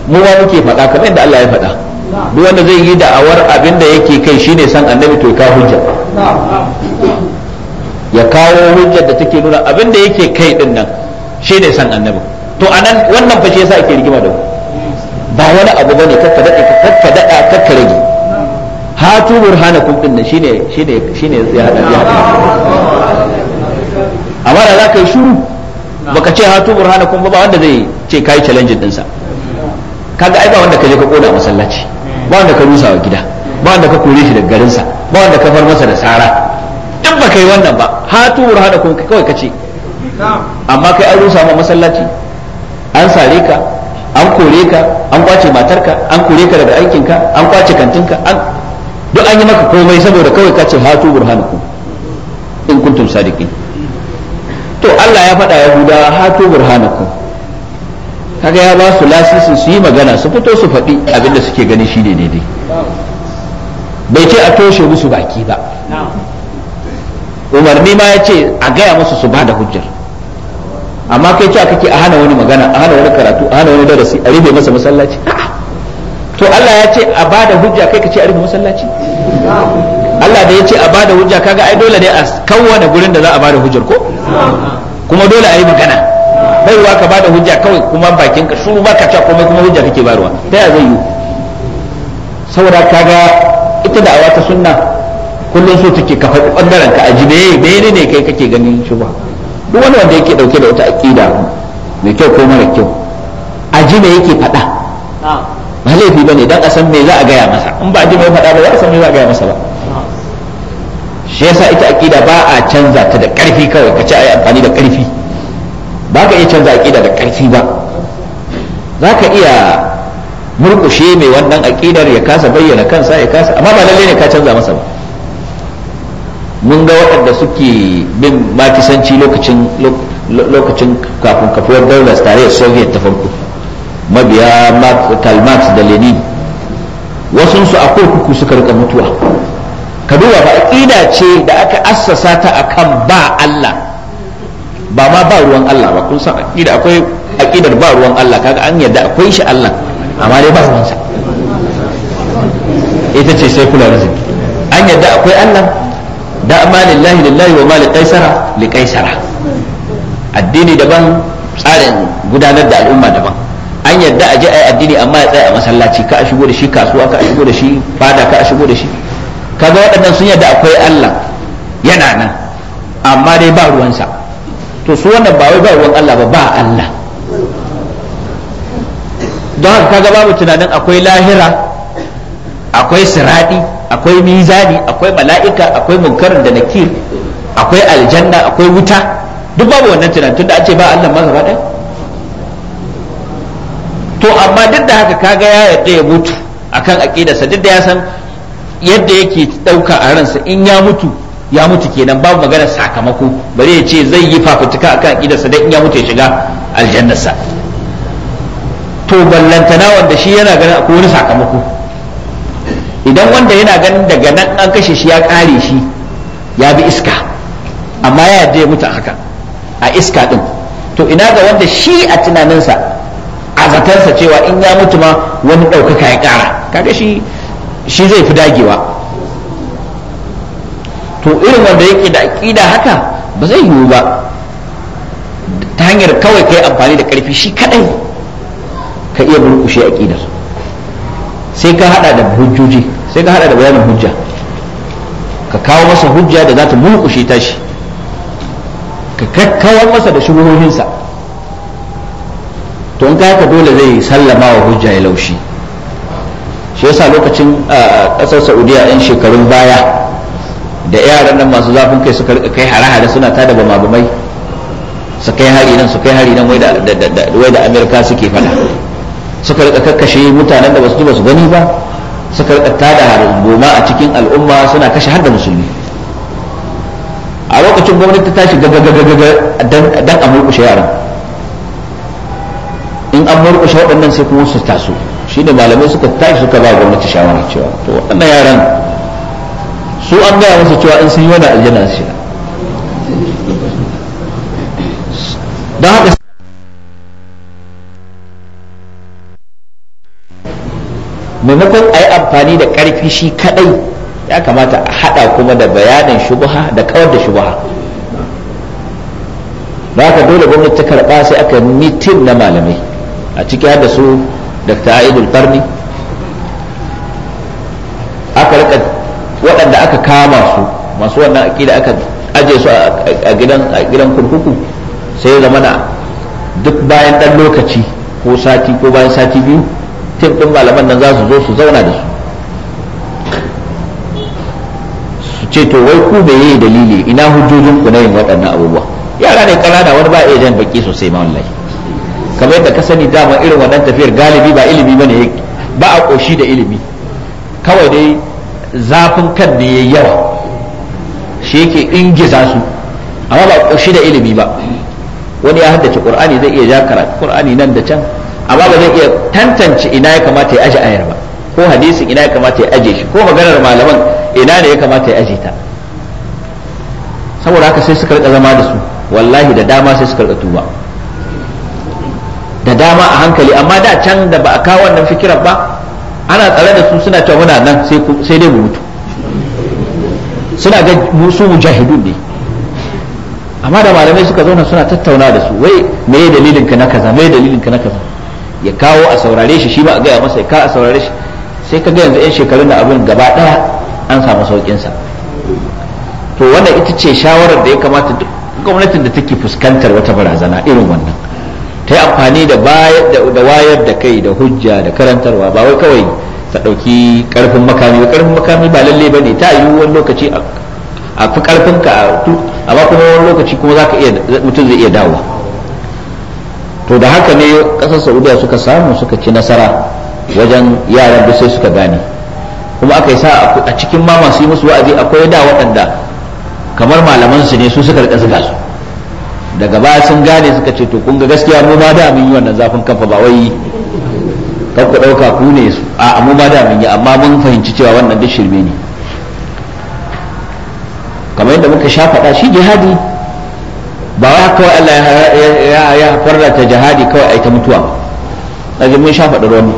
S2: mu ma muke faɗa kamar yadda Allah ya faɗa duk wanda zai yi da'awar abin da yake kai shine san annabi to ya kawo hujja ya kawo hujjar da take nuna abin da yake kai din nan shine san annabi to anan wannan fa shi yasa ake rigima da ku ba wani abu bane ka daɗe ka kakka ka kakka rage hatu kun din nan shine shine shine ya hada ya hada amma da zaka yi shuru baka ce hatu burhanakum ba ba wanda zai ce kai challenge din sa kaga ai ba wanda ka je ka koda masallaci ba wanda ka rusa wa gida ba wanda ka kore shi daga garin sa ba wanda ka far masa da tsara duk baka yi wannan ba hatu kun kawai kace amma kai an rusa ma masallaci an sare ka an kore ka an kwace matarka an kore ka daga aikinka an kwace kantinka an duk an yi maka komai saboda kawai ka ce hatu burhanakum in kuntum sadiqin to Allah ya faɗa Yahuda hatu burhanakum kaga ya ba su lasisin su yi magana su fito su faɗi abinda suke gani shi ne daidai bai ce a toshe musu baki ba umarni ma ya ce a gaya musu su bada hujjar amma kai ce kake a hana wani magana a hana wani karatu a hana wani darasi a rufe masa masallaci to Allah ya ce a bada hujja kai ka ce a rufe masallaci Allah da ya ce a bada hujja kaga ai dole ne a kawwana gurin da za a bada hujjar ko kuma dole a yi magana baiwa ka bada hujja kawai kuma bakin ka shuru baka cewa komai kuma hujja kake barwa ta ya zai yi saboda kaga ita da'awa ta sunna kullum so take ka faɗi ɓangaren ka ajibe ji ne ne kai kake ganin ba duk wani wanda yake dauke da wata aqida mai kyau ko mara kyau a ji me yake faɗa ba laifi bane dan a san me za a gaya masa in ba a ji me faɗa ba za a san me za a gaya masa ba shi yasa ita aqida ba a canza ta da karfi kawai ka ci ayi amfani da karfi ba ka iya canza aqida da karfi ba za ka iya murkushe mai wannan aqidar ya kasa bayyana kansa ya kasa amma ba lalle ne ka canza masa ba mun ga waɗanda suke bin makisanci lokacin kafin kafuwar daular da soviet ta farko mabiya karl marx da lenin wasu su a kurkuku suka rika mutuwa ka duba ba ƙida ce da aka assasa ta akan ba allah ba ma ba ruwan allah ba kun san aƙida akwai aƙidar ba ruwan allah kaga an yadda akwai shi allah amma dai ba ruwansa ita ce secularism an yadda akwai allah da amma lillahi lillahi wa mali kaisara li kaisara addini daban tsarin gudanar da al'umma daban an yadda a je a yi addini amma ya tsaya a masallaci ka a shigo da shi kasuwa ka a shigo da shi fada ka a shigo da shi kaga waɗannan sun yadda akwai Allah yana nan amma dai ba ruwansa to su wannan ba wai ba ruwan Allah ba ba Allah don haka kaga babu tunanin akwai lahira akwai siradi akwai mizani akwai mala'ika akwai munkar da nakir akwai aljanna akwai wuta duk babu wannan tunanin tunda an ce ba Allah ma gaba to amma duk da haka kaga ya yarda ya mutu akan aqidarsa duk da ya san yadda yake dauka a ransa in ya mutu ya mutu kenan babu magana sakamako bare ya ce zai yi fafutuka akan aqidarsa dan in ya mutu ya shiga aljannarsa to ballantana wanda shi yana ganin akwai wani sakamako idan wanda yana ganin daga nan an kashe shi ya kare shi ya bi iska amma ya yarda ya mutu haka a iska din to ina ga wanda shi a tunaninsa a zatansa cewa in ya mutu ma wani ɗaukaka ya kara. kaga shi shi zai fi dagewa to irin wanda yake da aƙida haka ba zai yiwu ba ta hanyar kawai ka yi amfani da ƙarfi shi kaɗai ka iya burkushe aƙidar sai ka hada da hujjoji sai ka hada da bayanin hujja ka kawo masa hujja da za ta mulkushe tashi ka kakkawar masa da shubuhohinsa to in ka dole zai sallama wa hujja ya laushi shi yasa lokacin kasar saudiya yan shekarun baya da yaran nan masu zafin kai suka kai hare-hare suna tada bama bamai su kai hari nan su kai hari nan wai da amerika suke fada suka rika kakkashe mutanen da basu ji su gani ba suka rika tada goma a cikin al'umma suna kashe har da musulmi a lokacin gwamnati ta shiga gagagagaga dan a murkushe yaran in an murkushe waɗannan sai kuma su taso shi da malamai suka tashi suka ba gwamnati shawara cewa to waɗannan yaran su an gaya musu cewa in sun yi wani aljanna su shiga don haka maimakon a yi amfani da karfi shi kadai ya kamata a haɗa kuma da bayanin shubuha da kawar da shubuha ba haka dole gwamnati ta karɓa sai aka mitin na malamai a ciki har da su dr aidul farni aka rika waɗanda aka kama su masu wannan aƙida aka aje su a gidan kurkuku sai zama na duk bayan ɗan lokaci ko sati ko bayan sati biyu tim ɗin malaman nan za su zo su zauna da su su ce to wai ku bai yi dalili ina hujjojin ku na yin waɗannan abubuwa yara ne ƙanana wani ba iya jan baki sosai ma wallahi kamar yadda ka sani dama irin wannan tafiyar galibi ba ilimi bane ba a ƙoshi da ilimi kawai dai zafin kan ne yayi yawa shi yake ingiza su amma ba ƙoshi da ilimi ba wani ya haddace qur'ani zai iya ja karatu qur'ani nan da can amma ba zai iya tantance ina ya kamata ya aje ayar ba ko hadisin ina ya kamata ya aje shi ko maganar malaman ina ne ya kamata ya aje ta saboda haka sai suka rika zama da su wallahi da dama sai suka rika tuba da dama a hankali amma da can da ba a kawo wannan fikirar ba ana tsare da su suna cewa muna nan sai dai mu mutu suna ga musu mujahidun ne amma da malamai suka zauna suna tattauna da su wai me dalilin ka na kaza me dalilin ka na kaza ya kawo a saurare shi shi ba a gaya masa ya kawo a saurare shi sai ka ga yanzu 'yan shekarun da abin gaba daya an samu sauƙinsa to wannan ita ce shawarar da ya kamata gwamnatin da take fuskantar wata barazana irin wannan ta yi amfani da wayar da kai da hujja da karantarwa ba wai kawai ta ɗauki ƙarfin makami ba ƙarfin makami ba lalle ba ne ta yi wani lokaci a fi ƙarfin ka kuma wani lokaci kuma za ka iya mutum zai iya dawowa to da haka ne kasar saudiya suka samu suka ci nasara wajen yaran da sai suka gane kuma aka yi sa a cikin ma masu yi musu wa'azi akwai da waɗanda kamar malaman su ne su suka rika zuga su daga baya sun gane suka ce to kun ga gaskiya mu ba da mun yi wannan zafin kafa ba wai kan ku ɗauka ku ne su a mu ba da mun yi amma mun fahimci cewa wannan duk shirme ne kamar yadda muka sha faɗa shi jihadi ba wa kawai Allah ya farrata jihadi kawai a ita mutuwa ba kaji mun sha faɗi ruwan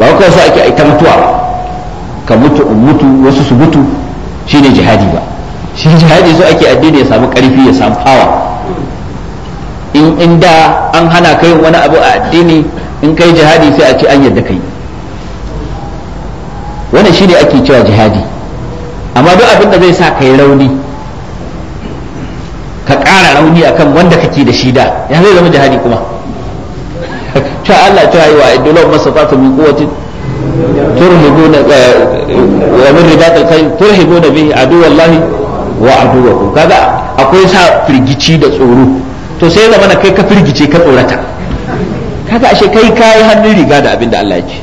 S2: ba wa kawai so ake a ita mutuwa ba ka mutu in mutu wasu su mutu shine jihadi ba shi jihadi so ake addini ya samu ƙarfi ya samu fawa in inda an hana kai wani abu a addini in kai jihadi sai a ce an yadda kai wannan shine ake cewa jihadi amma duk abin da zai sa kai rauni ka ƙara rauni akan wanda kake da shi da ya zai zama jihadi kuma ta Allah ta yi wa idulon masafatu min quwwatin turhibuna eh, wa min ribatil khayr turhibuna bihi aduwallahi wa aduwakum kaga akwai sa firgici da tsoro to sai zama kai ka firgice ka tsorata kaga ashe kai kai hannun riga da abin da Allah yake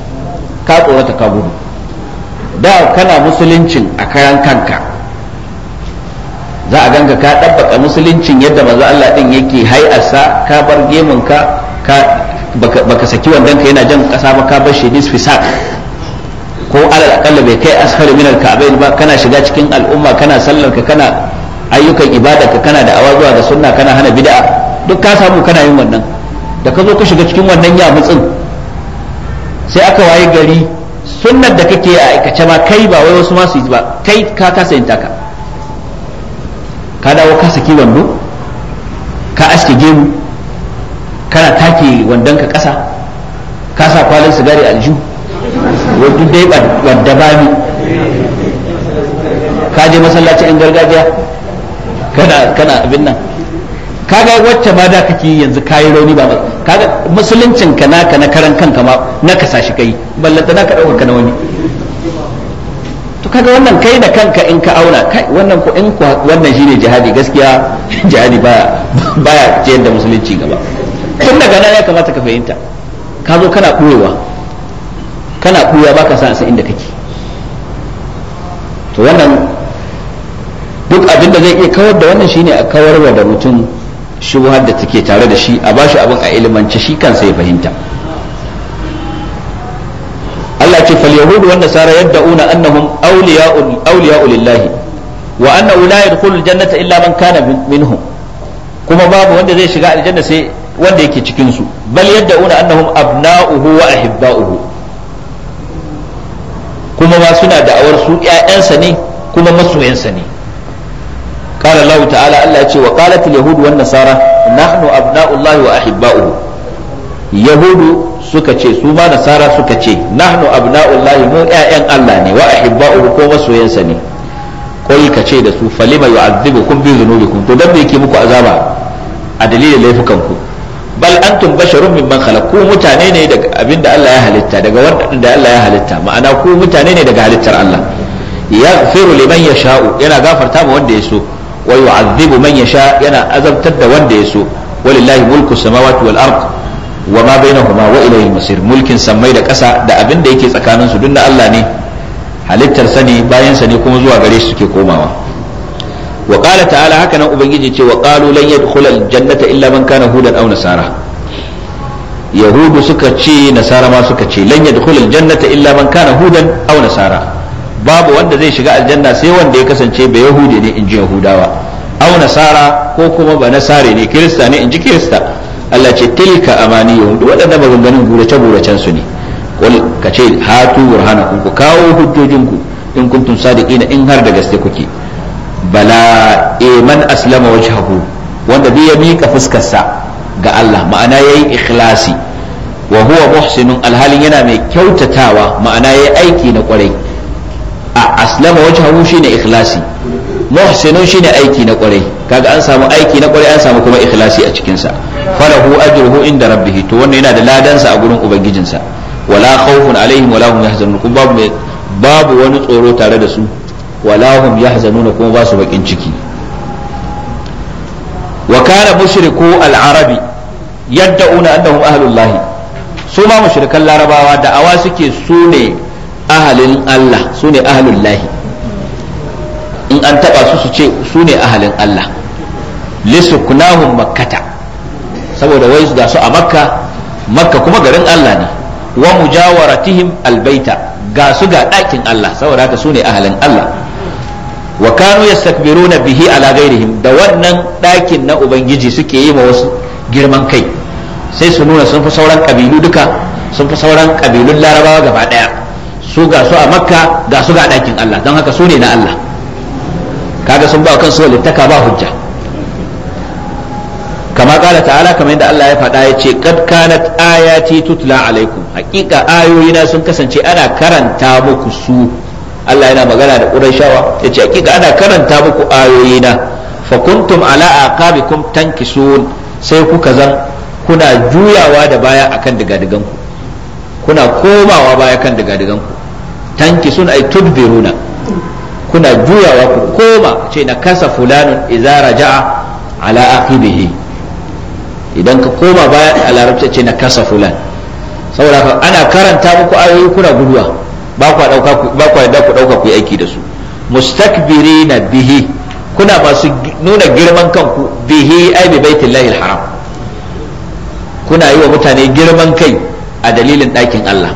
S2: ka tsorata ka gudu da kana musuluncin a kayan kanka za a ganka ka ɗabbaka musuluncin yadda manzo Allah din yake hai'arsa ka bar gemun ka baka saki wandan ka yana jan ƙasa ba ka bar shi fisak. ko alal aqalla bai kai asfali min alka'bain ba kana shiga cikin al'umma kana sallar ka kana ayyukan ibada ka kana da zuwa da sunna kana hana bid'a duk ka samu kana yin wannan da ka zo ka shiga cikin wannan yamutsin sai aka waye gari sunnar da kake a aikace ma kai ba wai wasu masu yi ba kai ka kasa yin taka ka dawo ka saki wando ka aske gemu kana take wandon ka ƙasa ka sa kwalin sigari alju wadda dai wadda ba ni ka je masallacin yan gargajiya kana kana abin nan kaga wacce ma da kake yanzu kai rauni ba kaga musuluncin ka naka na karan kanka ma na ka sashi kai ballanta naka dauka na wani kaga wannan kai da kanka in ka auna kai wannan ku in ku wannan shine jihadi gaskiya jihadi baya baya ce da musulunci gaba tun daga nan ya kamata ka fahimta ka zo kana ɓoyewa kana ɓoyewa baka san san inda kake to wannan duk abin da zai iya kawar da wannan shine a kawarwa da mutum shubuhar da take tare da shi a bashi abin a ilimance shi kansa ya fahimta ce fal yahudu wan nasara una annahum awliya'u awliya'u lillahi wa annahu la yadkhulu aljannata illa man kana minhum kuma babu wanda zai shiga aljanna sai wanda yake cikin su bal yadda una annahum abna'uhu wa ahibba'uhu kuma ma suna da'awar su ƴaƴansa ne kuma masoyansa ne قال الله تعالى الله وقالت اليهود والنصارى نحن أبناء الله وأحباؤه يهود suka ce su ma nasara suka ce nahnu abna'ullahi mu ƴaƴan Allah ne wa ahibba'uhu ko masoyansa ne qul ka ce da su falima yu'adhibukum bi dhunubikum to dan yake muku azaba a dalilin laifukan ku bal antum basharun mimman khalaq ku mutane ne daga abinda Allah ya halitta daga wanda Allah ya halitta ma'ana ku mutane ne daga halittar Allah yaghfiru liman yasha'u yana gafarta ma wanda ya so wa yu'adhibu man yasha yana azabtar da wanda ya so walillahi mulku samawati wal ard wa ma bainahuma wa ilayhi masir mulkin sammai da ƙasa da abin da yake tsakanin su na Allah ne halittar sa ne bayan sa ne kuma zuwa gare shi suke komawa wa qala ta'ala haka nan ubangiji ce wa qalu lan yadkhula jannata illa man kana hudan aw nasara yahudu suka ce nasara ma suka ce lan yadkhula jannata illa man kana hudan aw nasara babu wanda zai shiga aljanna sai wanda ya kasance ba yahudi ne in ji yahudawa aw nasara ko kuma ba nasare ne kirista ne in ji kirista Allah ce tilka amaniyun duk waɗannan maganganun burace guracen su ne qul ka ce hatu burhanakum ku kawo hujjojinku in kuntum sadiqina in har da gaske kuke bala e man aslama wajhahu wanda bi ya miƙa fuskarsa ga Allah ma'ana yayi ikhlasi wa huwa muhsinun alhalin yana mai kyautatawa ma'ana yayi aiki na kwarai a aslama wajhahu shine ikhlasi muhsinun shine aiki na kwarai kaga an samu aiki na kwarai an samu kuma ikhlasi a cikin sa falahu ajruhu inda rabbih to wannan yana da ladansa a gurin ubangijinsa wala khawfun alaihim wala hum yahzanun kuma babu babu wani tsoro tare da su wala hum yahzanuna kuma ba su bakin ciki wa kana mushriku al-arabi yad'una annahum ahlullah su ma mushrikan larabawa da'awa suke su ne ahalin Allah su ne ahlullah in an taba su su ce su ne ahalin Allah kunahun makkata saboda wai ga su a makka makka kuma garin Allah ne wa mujawaratihim albaita ga su ga ɗakin Allah saboda haka su ne ahalin Allah wa kanu yastakbiruna bihi ala ghairihim da wannan ɗakin na ubangiji suke yi ma wasu girman kai sai su nuna sun fi sauran kabilu duka sun fi sauran kabilun larabawa gaba ɗaya su ga su a makka ga su ga ɗakin Allah don haka su ne na Allah kaga sun ba kansu littaka ba hujja kama kala ta'ala kamar yadda Allah ya faɗa ya ce kad kanat ayati tutla alaikum hakika ayoyina sun kasance ana karanta muku yana magana da Qurayshawa ya ce hakika ana karanta muku ayoyina fa kuntum ala aqabikum tankisun sai kuka zan kuna juyawa da baya akan digadiganku kuna komawa baya kan digadiganku tankisun ay tutbiruna kuna juyawa ku koma ce na kasa fulanun idza raja'a idan ka koma baya a larabta ce na kasa fulan saboda ana karanta muku ayoyi kuna guduwa ba ku dauka ku dauka ku yi aiki da su mustakbirina bihi kuna masu nuna girman kanku bihi ai bi baitillahi alharam kuna yi wa mutane girman kai a dalilin ɗakin Allah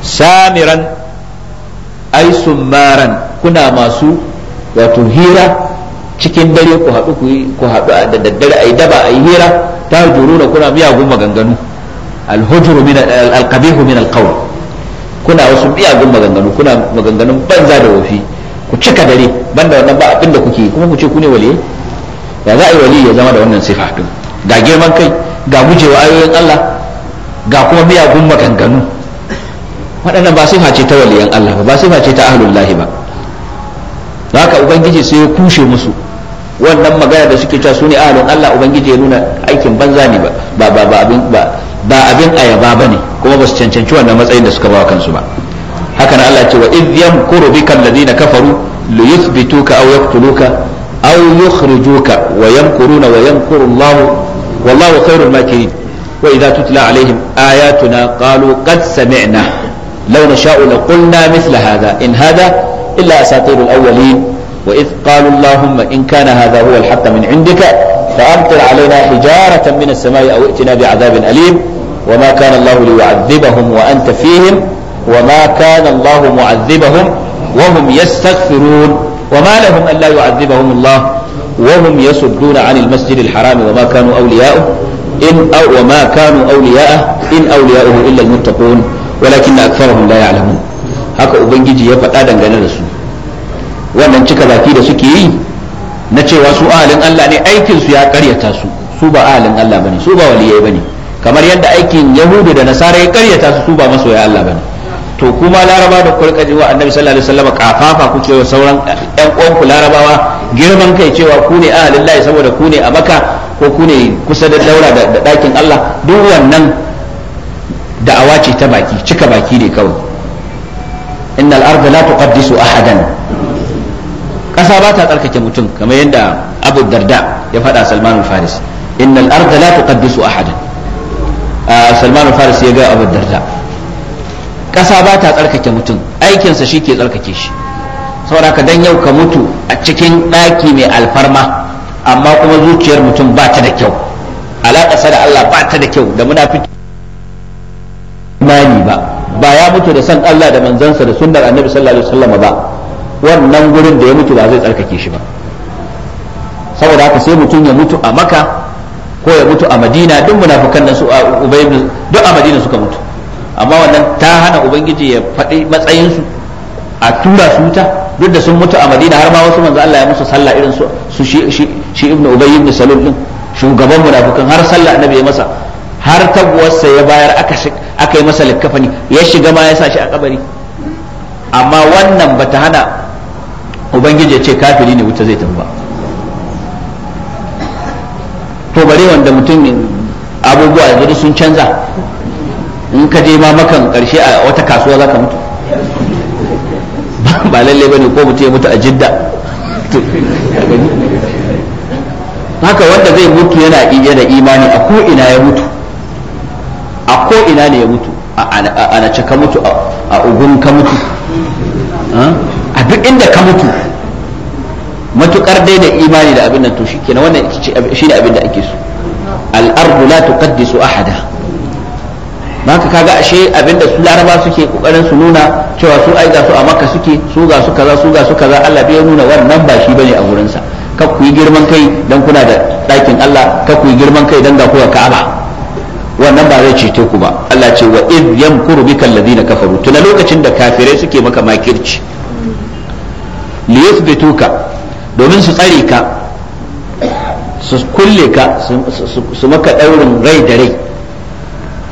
S2: samiran ai sumaran kuna masu wato hira cikin dare ku haɗu ku haɗu da daddare a yi daba a yi hira ta juru da kuna miyagun maganganu alhujru min alqabihu min alqawl kuna wasu miyagun maganganu kuna maganganun banza da wofi ku cika dare banda wannan ba abin da kuke kuma ku ce ku ne waliyi ya za a yi waliyi ya zama da wannan sifa din ga girman kai ga gujewa ayoyin Allah ga kuma miyagun maganganu waɗannan ba sifa ce ta waliyan Allah ba ba sifa ce ta ahlullahi ba haka ubangiji sai ya kushe musu wannan magana da suke cewa sune ahalin Allah ubangiji ya nuna aikin banza ne ba ba ba abin ba ba abin ayaba kuma ba su cancanci wannan matsayin da suka ba kansu ba haka nan Allah ya ce wa idh yamkuru bika alladhina kafaru liyuthbituka aw yaqtuluka aw yukhrijuka wa yamkuruna wa yamkuru Allah wallahu khairul makirin wa idza tutla alaihim ayatuna qalu qad sami'na law nasha'u laqulna mithla hadha in hadha illa asatirul awwalin وإذ قالوا اللهم إن كان هذا هو الحق من عندك فأمطر علينا حجارة من السماء أو ائتنا بعذاب أليم وما كان الله ليعذبهم وأنت فيهم وما كان الله معذبهم وهم يستغفرون وما لهم ألا يعذبهم الله وهم يصدون عن المسجد الحرام وما كانوا أولياؤه إن أو وما كانوا أولياءه إن أولياؤه إلا المتقون ولكن أكثرهم لا يعلمون هكا أبنجي يفتادا قال رسول wannan cika baki da suke yi na cewa su ahalin Allah ne aikin su ya karyata su su ba ahalin Allah bane su ba waliyai bane kamar yadda aikin yahudu da nasara ya karyata su su ba masoya Allah bane to kuma laraba da kurka wa annabi sallallahu alaihi wasallam kafafa ku cewa sauran ɗan uwanku larabawa girman kai cewa ku ne ahalin Lahi saboda ku ne a maka ko ku ne kusa da daura da ɗakin Allah duk wannan da'awa ce ta baki cika baki ne kawai innal arda la tuqaddisu ahadan ƙasa ba ta tsarkake mutum kamar yadda abu darda ya faɗa salman faris innal arda la tuqaddisu ahadan salman faris ya ga abu darda ƙasa ba ta tsarkake mutum aikinsa shi ke tsarkake shi saboda ka dan yau ka mutu a cikin ɗaki mai alfarma amma kuma zuciyar mutum ba ta da kyau alaƙarsa da Allah ba ta da kyau da muna munafiki imani ba ba ya mutu da san Allah da manzansa da sunnar annabi sallallahu alaihi wasallam ba wannan gurin da ya mutu ba zai tsarkake shi ba saboda haka sai mutum ya mutu a maka ko ya mutu a madina duk munafukan nan su a ubay duk a madina suka mutu amma wannan ta hana ubangiji ya faɗi matsayinsu a tura su wuta duk da sun mutu a madina har ma wasu manzo Allah ya musu sallah irin su su shi shi, shi ibnu ubay ibn salul din shugaban munafukan har sallah annabi ya masa har tabuwarsa ya bayar aka aka yi masa likkafani ya shiga ma ya sa shi a kabari amma wannan bata hana ubangiji ya ce kafiri ne wuta zai tafi ba to bare wanda mutum abubuwa yanzu sun canza in ka je ma makan karshe a wata kasuwa za ka mutu ba lalle ba ne ko mutum ya mutu a jidda haka wanda zai mutu yana iya da imani a ko ina ya mutu a ko ina ne ya mutu a anace ka mutu a ugun ka mutu duk inda ka mutu matukar dai da imani da abin nan to shikenan wannan ne abin da ake so al la tuqaddisu ahada ka kaga ashe abinda su laraba suke kokarin su nuna cewa su ai ga su a makka suke su ga su kaza su ga su kaza Allah bai nuna wannan ba shi bane a gurin sa ka ku yi girman kai dan kuna da ɗakin Allah ka ku yi girman kai dan ga ku Ka'aba wannan ba zai cece ku ba Allah ce wa id yamkuru bika alladhina kafaru tuna lokacin da kafirai suke maka makirci li yuthbituka domin su tsare ka su kulle ka su maka daurin rai da rai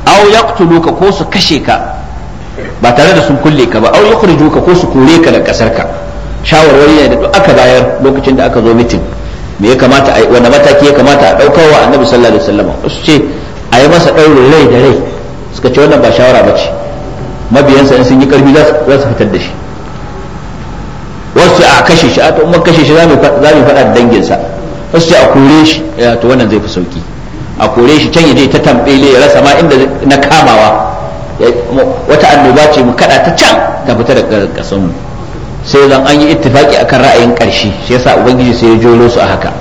S2: aw yaqtuluka ko su kashe ka ba tare da sun kulle ka ba aw yukhrijuka ko su kore ka da kasar ka shawarwari ne da aka bayar lokacin da aka zo mitin me ya kamata a wanda mataki ya kamata a ɗaukar wa annabi sallallahu alaihi wasallam su ce a yi masa ɗaurin rai da rai suka ce wannan ba shawara ba ce mabiyansa in sun yi karfi za su fitar da shi wasu a kashe shi a to mun kashe shi za mu faɗa da danginsa wasu a kore shi to wannan zai fi sauki a kore shi can ya je ta tambele ya rasa ma inda na kamawa wata annoba ce mu kada ta can ta fita daga kasan mu sai zan an yi ittifaki akan ra'ayin karshe shi yasa ubangiji sai ya joro su a haka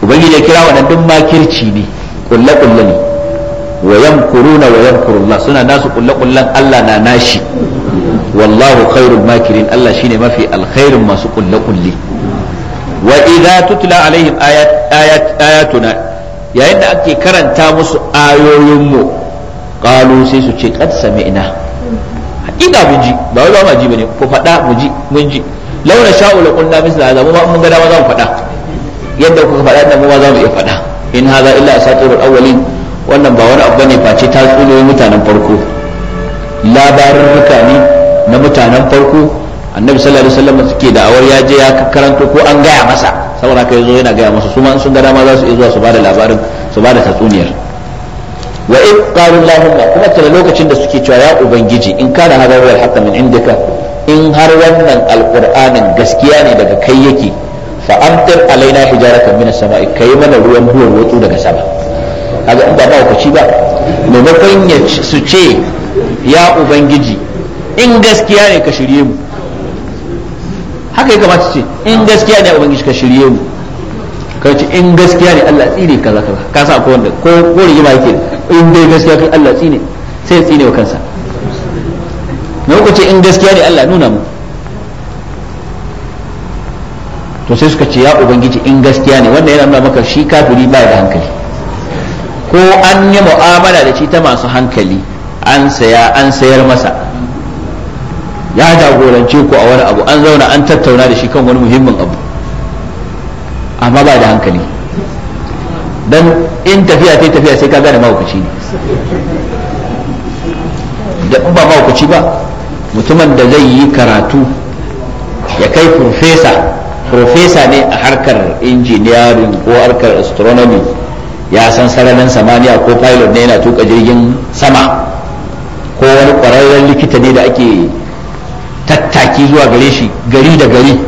S2: ubangiji ya kira wannan duk makirci ne kulle kulle ne wa yamkuruna wa yamkurullah suna nasu kulle kullen Allah na nashi wallahu khairul makirin Allah shine mafi alkhairin masu kulle kulle wa idza tutla alaihim ayat ayat ayatuna yayin da ake karanta musu ayoyin mu qalu sai su ce qad sami'na hakika mun ji ba wai ba ma ji bane ko fada mu ji mun ji laula sha'u la qulna mun mu yadda kuka faɗa a mu ma za mu iya fada in haza illa asatirul awwalin wannan ba wani abu bane face tatsuniyoyin mutanen farko labarin mutane na mutanen farko annabi sallallahu alaihi wasallam suke da awar ya je ya karanto ko an gaya masa saboda haka yazo yana gaya masa su ma sun ga dama za su iya zuwa su bada labarin su bada tatsuniyar wa in qalu allahumma kuma tare lokacin da suke cewa ya ubangiji in kana hadar wal min indaka in har wannan alqur'anin gaskiya ne daga kai yake fa amtir alaina hijaratan min as-sama'i kai mana ruwan ruwan wato daga sama kaga in ba ba ku ci ba maimakon su ce ya ubangiji in gaskiya ne ka shirye mu haka ya kamata ce in gaskiya ne ubangiji ka shirye mu ka ce in gaskiya ne Allah tsine kaza kaza ka sa ko wanda ko ko rigima yake in dai gaskiya kai Allah tsine sai tsine wa kansa na ku ce in gaskiya ne Allah nuna mu to sai suka ce ya ubangiji in gaskiya ne wanda yana nuna maka shi kafiri ba da hankali ko an yi mu'amala da shi ta masu hankali an saya an sayar masa ya jagorance ku a wani abu an zauna an tattauna da shi kan wani muhimmin abu amma ba da hankali dan in tafiya ta tafiya sai ka gane mahaukaci ne da ba mahaukaci ba mutumin da zai yi karatu ya kai profesa profesa ne a harkar injiniyarin ko harkar astronomy ya san sararin samaniya ko pilot ne yana tuka jirgin sama ko wani kwararren likita ne da ake tattaki zuwa gare shi gari da gari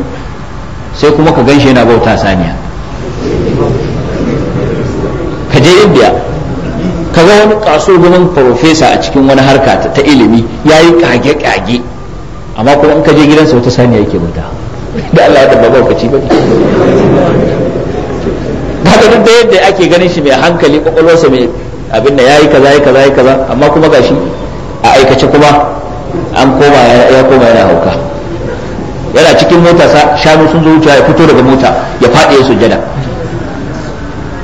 S2: sai kuma ka ganshi yana bauta saniya ka je india ka ga wani kaso gumin farofesa a cikin wani harka ta ilimi ya yi kage-kage amma kuma in ka je gidansa wata saniya yake bauta da Allah da babban kaci ba haka duk da yadda ake ganin shi mai hankali kwakwalwarsa mai abin da ya yi kaza ya kaza ya kaza amma kuma gashi a aikace kuma an koma ya koma yana hauka yana cikin mota shanu sun zo wucewa ya fito daga mota ya faɗi ya sujjada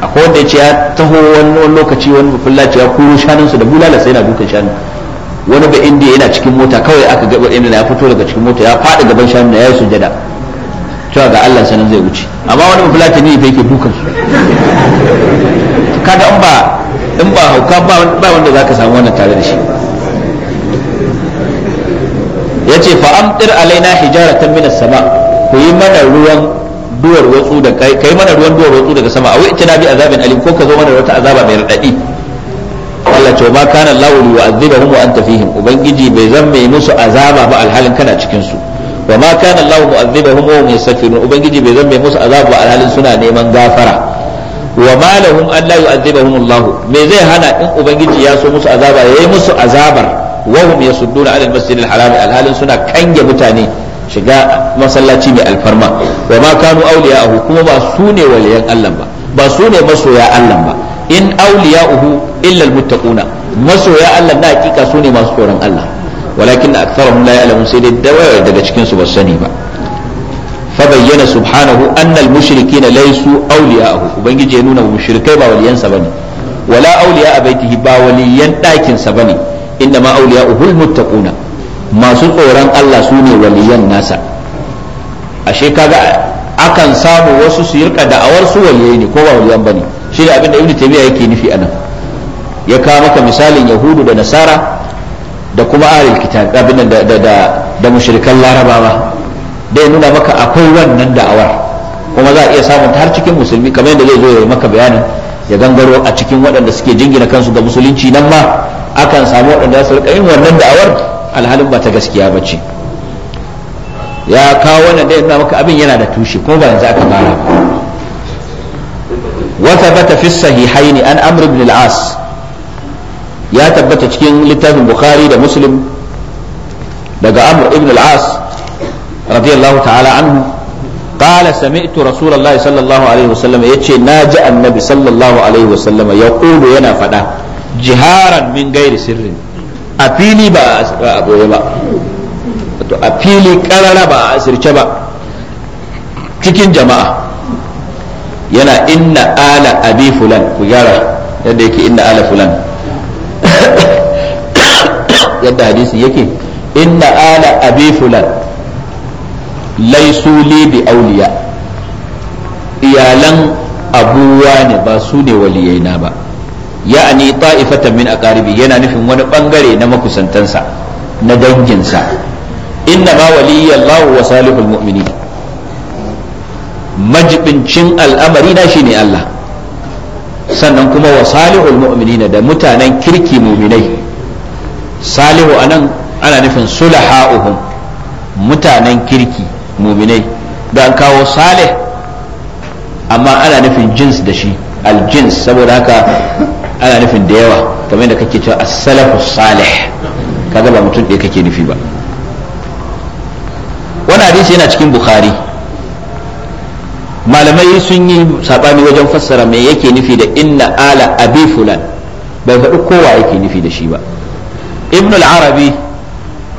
S2: akwai wanda ya ce ya taho wani lokaci wani mafullaci ya kuro shanunsu da bulala sai yana dukan shanu wani ba indiya yana cikin mota kawai aka gaba inda ya fito daga cikin mota ya faɗi gaban shanu da ya yi sujjada cewa ga Allah sanin zai wuce amma wani mafullaci ne bai ke dukan su kada in ba in ba hauka ba wanda zaka samu wannan tare da shi yace fa amtir alaina hijaratan minas sama ku yi mana ruwan duwar watsu da kai kai mana ruwan duwar watsu daga sama a wai tana bi azabin alim ko ka zo mana da wata azaba mai radadi Allah ce ma kana Allahu yu'adhibuhum wa anta fihim ubangiji bai zamme musu azaba ba alhalin kana cikin su wa ma kana Allahu mu'adhibuhum wa hum yastaghfirun ubangiji bai zamme musu azaba ba alhalin suna neman gafara wa ma lahum an la yu'adhibuhum Allah me zai hana in ubangiji ya so musu azaba yayi musu azabar wa ya yasudduna 'ala al-masjid al-haram alhalin suna kange mutane shiga masallaci mai alfarma wa ma kanu awliya'ahu kuma ba su ne waliyan Allah ba ba su ne masoya Allah ba in awliya'uhu illa al-muttaquna masoya Allah na hakika su ne masu tsoron Allah walakin aktharuhum la ya'lamun sai dai dawaye daga cikin su ba sani ba fa bayyana subhanahu anna al ya nuna mushrikai ba waliyansa bane wala a baitihi ba waliyan ɗakinsa bane inda ma ta muttaquna masu tsoron Allah su ne waliyan nasa ashe kaga akan samu wasu su yirka da'awar su waliyai ne ko ba waliyan bane shi da abin da ibnu taymiya yake nufi anan ya kawo maka misalin yahudu da nasara da kuma ahlul kitab da da da, da mushrikan larabawa da ya nuna maka akwai wannan da'awar kuma za a iya samun ta har cikin musulmi kamar yadda zai zo ya maka bayanin ya gangaro a cikin waɗanda suke jingina kansu ga musulunci nan ma akan samu waɗanda su rika yin wannan da'awar alhalin ba ta gaskiya ba ce ya kawo wannan da yana maka abin yana da tushe kuma ba yanzu aka fara ba wa thabata fi sahihaini an amr ibn al-as ya tabbata cikin littafin bukhari da muslim daga amr ibn al-as radiyallahu ta'ala anhu قال سمعت رسول الله صلى الله عليه وسلم يتشي ناجى النبي صلى الله عليه وسلم يقول ينا فدا jiharan min gairi sirrin a fili ba a boye ba a fili karara ba a asirce ba cikin jama'a yana inna ala abi fulan ku gyara yadda yake inna ala fulan yadda hadisi yake inna ala abi fulan laisu li bi auliya iyalan abuwa ne ba su ne waliyaina ba ya'ani ta'ifatan min aqaribi yana nufin wani bangare na makusantansa na danginsa inna ma waliyallahu wa salihul mu'minin majibincin al'amari na shine Allah sannan kuma wa salihul mu'minina da mutanen kirki muminai salihu anan ana nufin sulaha'uhum mutanen kirki muminai da an kawo salih amma ana nufin jins da shi aljins saboda haka ana nufin da yawa kamar da kake cewa as-salafu salih kaga ba mutum ɗaya kake nufi ba wani hadisi yana cikin bukhari malamai sun yi sabani wajen fassara me yake nufi da inna ala abi fulan bai faɗi kowa yake nufi da shi ba ibn al-arabi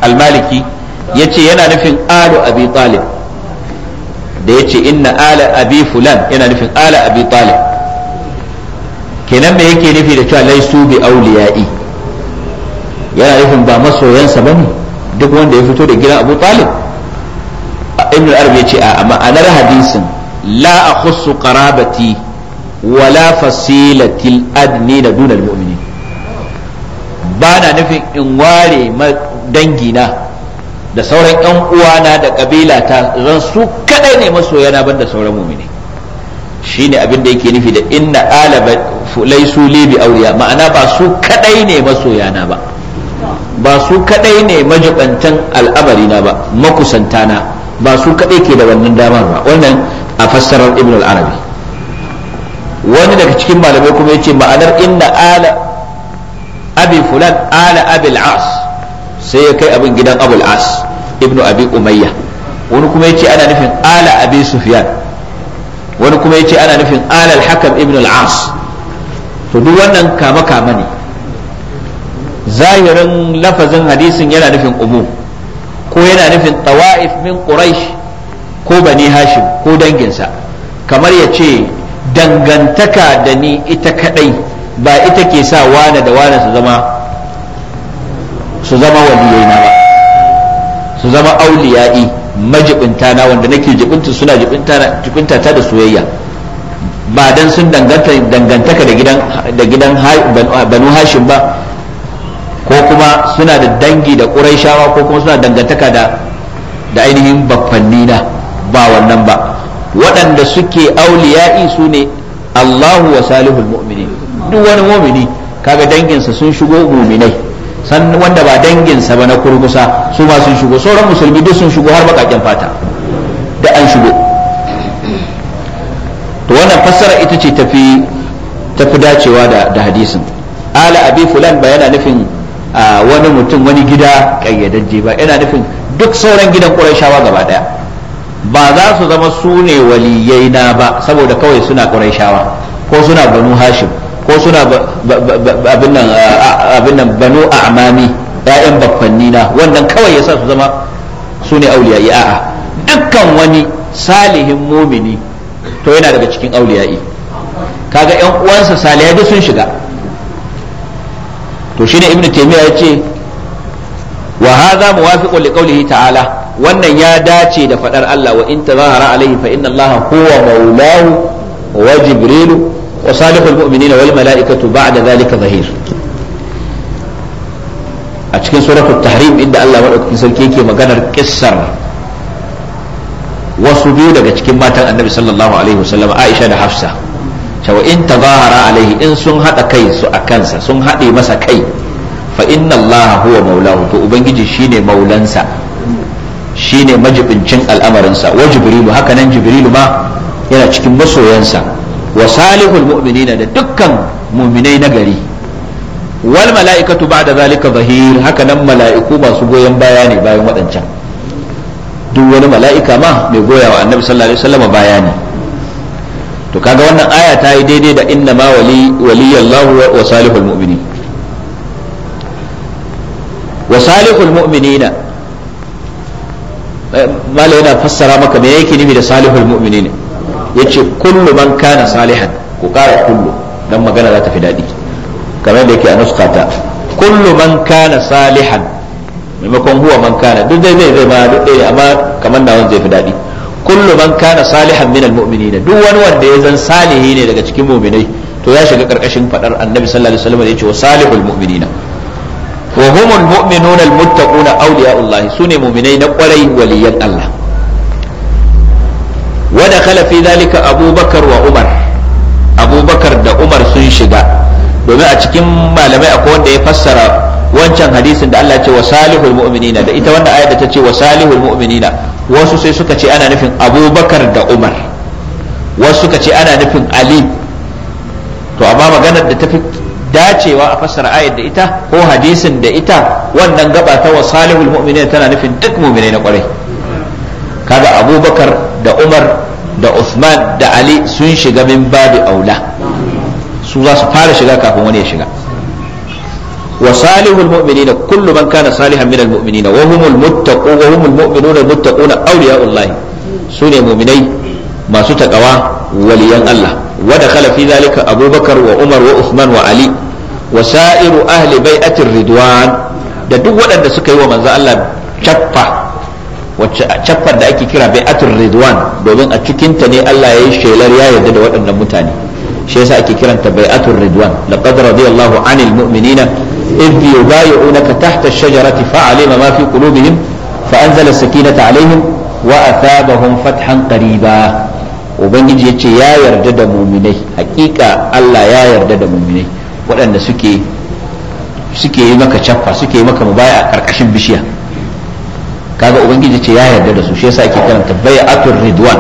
S2: al-maliki yace yana nufin alu abi talib da yace inna ala abi fulan yana nufin ala abi talib kenan me yake nufi da cewa laisu bi auliya'i yana nufin ba masoyansa bane duk wanda ya fito da gidan Abu Talib ibn al-Arab ce a ma'anar hadisin la akhussu qarabati wala fasilatil adni da dunal mu'minin ba na nufin in ware dangina da sauran 'yan uwana da ta zan su kaɗai ne masoyana banda sauran mumini shine abin da yake nufi da inna alaba laisu li bi awliya ma'ana ba su kadai ne masoyana ba ba su kadai ne majibantan al'amari na ba makusantana ba su kadai ke da wannan damar ba wannan a fassarar ibn al-arabi wani daga cikin malamai kuma yace ma'anar inna ala abi fulan ala abil as sai ya kai abin gidan abul as ibnu abi umayya wani kuma yace ana nufin ala abi sufyan wani kuma ya ce ana nufin alal hakam ibn al-as to duk wannan kama kama ne zahirin lafazin hadisin yana nufin Umu ko yana nufin tawa'if min quraish ko bani hashim ko danginsa kamar ya ce dangantaka da ni ita kadai ba ita ke sa wane da wane su zama su zama waliyaina ba su zama auliya'i majibinta na wanda nake jibinta suna jibinta ta da soyayya ba dan sun dangantaka da gidan da gidan banu hashim ba ko kuma suna da dangi da quraishawa ko kuma suna dangantaka da da ainihin baffanni na ba wannan ba waɗanda suke auliya'i su ne Allahu wa salihul mu'mini duk wani mu'mini kaga danginsa sun shigo mu'minai san wanda ba danginsa ba na kurkusa su ma sun shigo sauran musulmi duk sun shigo har bakakken fata da an shigo to wannan fassara ita ce tafi tafi dacewa da da hadisin ala abi fulan ba yana nufin wani mutum wani gida kayyadajje ba yana nufin duk sauran gidan qurayshawa gaba daya ba za su zama su ne waliyai na ba saboda kawai suna qurayshawa ko suna banu hashim ko suna abin nan banu amami ya'yan bakwanni na wannan kawai yasa su zama su ne auliyayi a'a dukkan wani salihin mumini to yana daga cikin auliyayi kaga yan uwansa salihai da sun shiga to shine ibnu taymiya yace wa hadha muwafiqun liqawlihi ta'ala wannan ya dace da faɗar Allah wa in tazahara alaihi fa inna Allah huwa maulahu wa jibrilu wa salihul mu'minina wal mala'ikatu da zalika zahir a cikin suratul tahrim inda Allah madaukakin sarki yake maganar kissar wasu biyu daga cikin matan annabi sallallahu Aisha da Hafsa cewa in tazahara alaihi in sun hada kai su a kansa sun haɗe masa kai fa inna Allah huwa maulahu to ubangiji shine maulansa shine majibincin al'amarinsa wa jibrilu haka nan jibrilu ma yana cikin masoyansa wa salihul mu'minina da dukkan mu'minai na gari wal ba da zalika zahir haka nan mala'iku masu goyon baya ne bayan waɗancan duk wani mala'ika ma mai goya wa annabi baya ne to kaga wannan aya ta yi daidai da inna ma wali waliyallahu wa salihul mu'minin wa salihul mu'minina eh, mala yana fassara maka me yake nufi da salihul yace kullu man kana salihan ku kara kullu dan magana za ta fi daɗi kamar da yake a nuska ta kullu man kana salihan maimakon huwa man kana duk dai zai ma duk dai amma kamar nawan zai fi daɗi kullu man kana salihan minal mu'minin duk wani wanda ya zan salihi ne daga cikin mu'minai to ya shiga karkashin fadar annabi sallallahu alaihi wasallam da yace wa salihul mu'minina wa humul mu'minuna al muttaquna awliya'ullah sune mu'minai na kwarai waliyan Allah wada khalafi zalika abubakar wa umar abubakar da umar sun shiga domin a cikin malamai akwai wanda ya fassara wancan hadisin da Allah ce wa salihul mu'minina da ita wanda ayat da ta ce wa salihul mu'minina wasu sai suka ce ana nufin abubakar da umar wasu suka ce ana nufin ali to amma maganar da ta fi dacewa a fassara ayat da ita ko hadisin da ita wannan gaba ta wa salihul mu'minina tana nufin duk mu'minai na kwarai kaga abubakar da umar da Uthman da Ali sun shiga min babu aula su za su fara shiga kafin wani ya shiga wa salihul mu'minina kullu man kana salihan minal mu'minina wa humul muttaqu wa humul mu'minuna muttaquna awliya'ullahi sune mu'minai masu takawa waliyan Allah wa dakhala fi zalika Abubakar wa Umar wa Uthman wa Ali wa sa'iru ahli bai'atir ridwan da duk waɗanda suka yi wa manzo Allah chaffa wacce a da ake kira bai'atul ridwan domin a cikinta ne Allah ya yi shelar ya yarda da waɗannan mutane shi yasa ake kiranta bai'atul ridwan laqad radiyallahu anil mu'minina idh yubayyi'unaka tahta ash-shajarati fa'alima ma fi qulubihim fa'anzala as-sakinata 'alayhim wa athabahum fathan qariba ubangiji yace ya yarda da mu'minai hakika Allah ya yarda da mu'minai waɗanda suke suke yi maka cafa suke yi maka mubaya a ƙarƙashin bishiya kaga ubangiji ce ya yarda da su shi yasa ake karanta bai'atul ridwan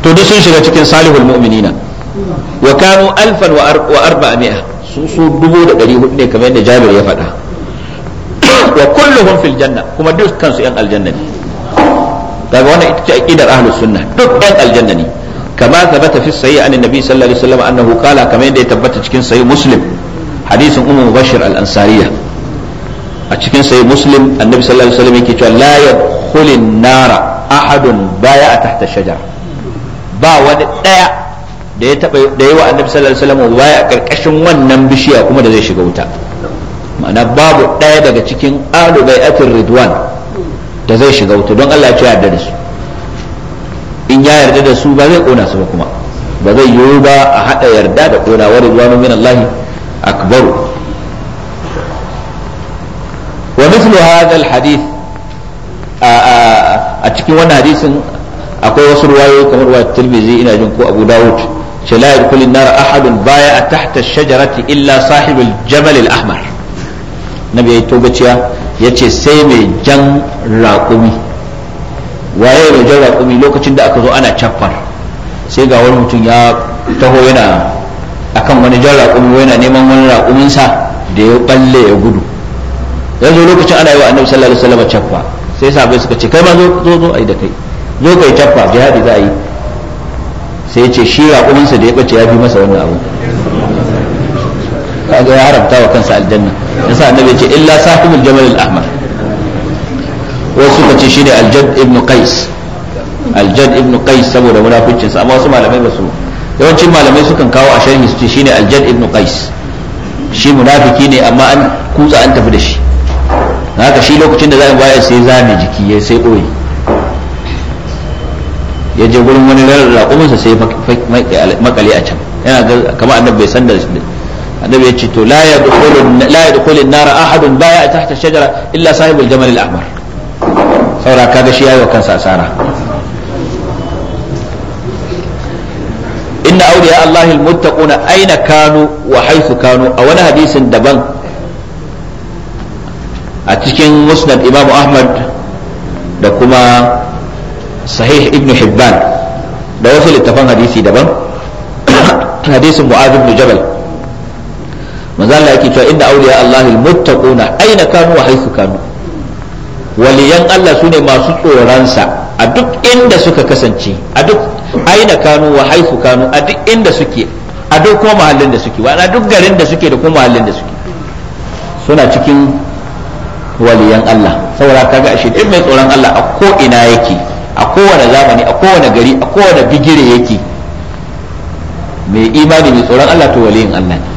S2: to duk sun shiga cikin salihul mu'minina wa kanu alfan wa arba'a su su dubu da ɗari hudu ne kamar yadda jabir ya faɗa wa kulluhum fil janna kuma dukkan kansu yan aljanna ne kaga wannan ita ce aqidar ahlus sunna duk yan aljanna ne kama thabata fi sahih an annabi sallallahu alaihi wasallam annahu qala kamar yadda ya tabbata cikin sahih muslim hadisin ummu bashir al-ansariyah a cikin sai muslim annabi sallallahu alaihi wasallam yake cewa la yadkhulun nara ahadun baya a tahta shajar ba wani daya da ya taba da yawa annabi sallallahu alaihi wasallam baya karkashin wannan bishiya kuma da zai shiga wuta ma'ana babu daya daga cikin ahlu bai'atir ridwan da zai shiga wuta don Allah ya ce yarda da su in ya yarda da su ba zai kona su ba kuma ba zai yiwu ba a hada yarda da kona wa ridwanu min Allah akbaru mislu hadha alhadith a cikin wannan hadisin akwai wasu ruwayoyi kamar wa tirmidhi ina jin ko abu dawud ce la yadkhulun nar ahadun baya a tahta ash-shajarati illa sahibul jamal al-ahmar nabi yayi togaciya yace sai mai jan raƙumi waye mai jan raƙumi lokacin da aka zo ana chaffar sai ga wani mutum ya taho yana akan wani jan raƙumi yana neman wani raƙuminsa da ya balle ya gudu yanzu lokacin ana yi wa annabi sallallahu alaihi wasallam caffa sai sahabbai suka ce kai ma zo zo zo ai da kai zo kai caffa jihadi za a yi sai ya ce shi raƙuminsa da ya bace ya fi masa wannan abu kaga ya haramta wa kansa aljanna yasa annabi ya ce illa sahibul jamal al ahmar wasu suka ce shine aljad ibn qais aljad ibn qais saboda munafincin sa amma wasu malamai ba su yawancin malamai sukan kawo a sharhi su ce shine aljad ibn qais shi munafiki ne amma an kutsa an tafi da shi haka shi lokacin da za a bayar sai zame jiki ya sai ɓoye ya je gurin wani raƙuminsa sai makale a can yana ga kamar annabi bai san da annabi ya ce to la ya dukhulun nara ahadun baya tahta shajara illa sahibul jamal al-ahmar saura kaga shi yayi wa kansa asara inna awliya allahi al-muttaquna aina kanu wa haythu kanu a wani hadisin daban a cikin musnad imamu ahmad da kuma sahih ibn hibban da wasu littafan hadisi daban hadisin mu'az ibn jabal manzo Allah yake cewa inda awliya Allah almuttaquna aina kanu wa haythu kanu waliyan Allah sune masu sa a duk inda suka kasance a duk aina kanu wa haythu kanu a duk inda suke a duk kuma mahallin da suke wa duk garin da suke da kuma mahallin da suke suna cikin waliyan Allah saboda kaga ashe duk mai tsoron Allah a ko ina yake a kowane zamani a kowane gari a kowane bigire yake mai imani mai tsoron Allah to waliyan Allah ne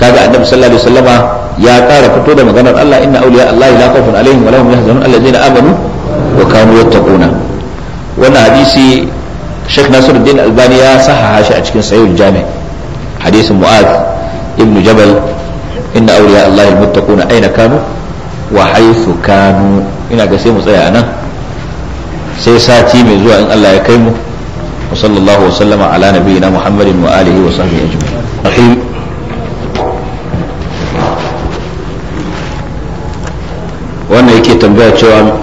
S2: kaga annabi sallallahu alaihi wasallama ya kara fito da maganar Allah inna awliya Allah la khawfun alaihim wa lahum yahzanun allazina amanu wa kanu yattaquna wannan hadisi Sheikh Nasiruddin Albani ya sahaha shi a cikin Sahih Jami hadisin Mu'adh ibn Jabal inna awliya allahi almuttaquna aina kanu wa haythu ina ga sai mu tsaya nan sai sati mai zuwa in Allah ya kai mu wa sallallahu wa sallama ala muhammadin wa alihi wa sahbihi ajma'in wannan yake tambaya cewa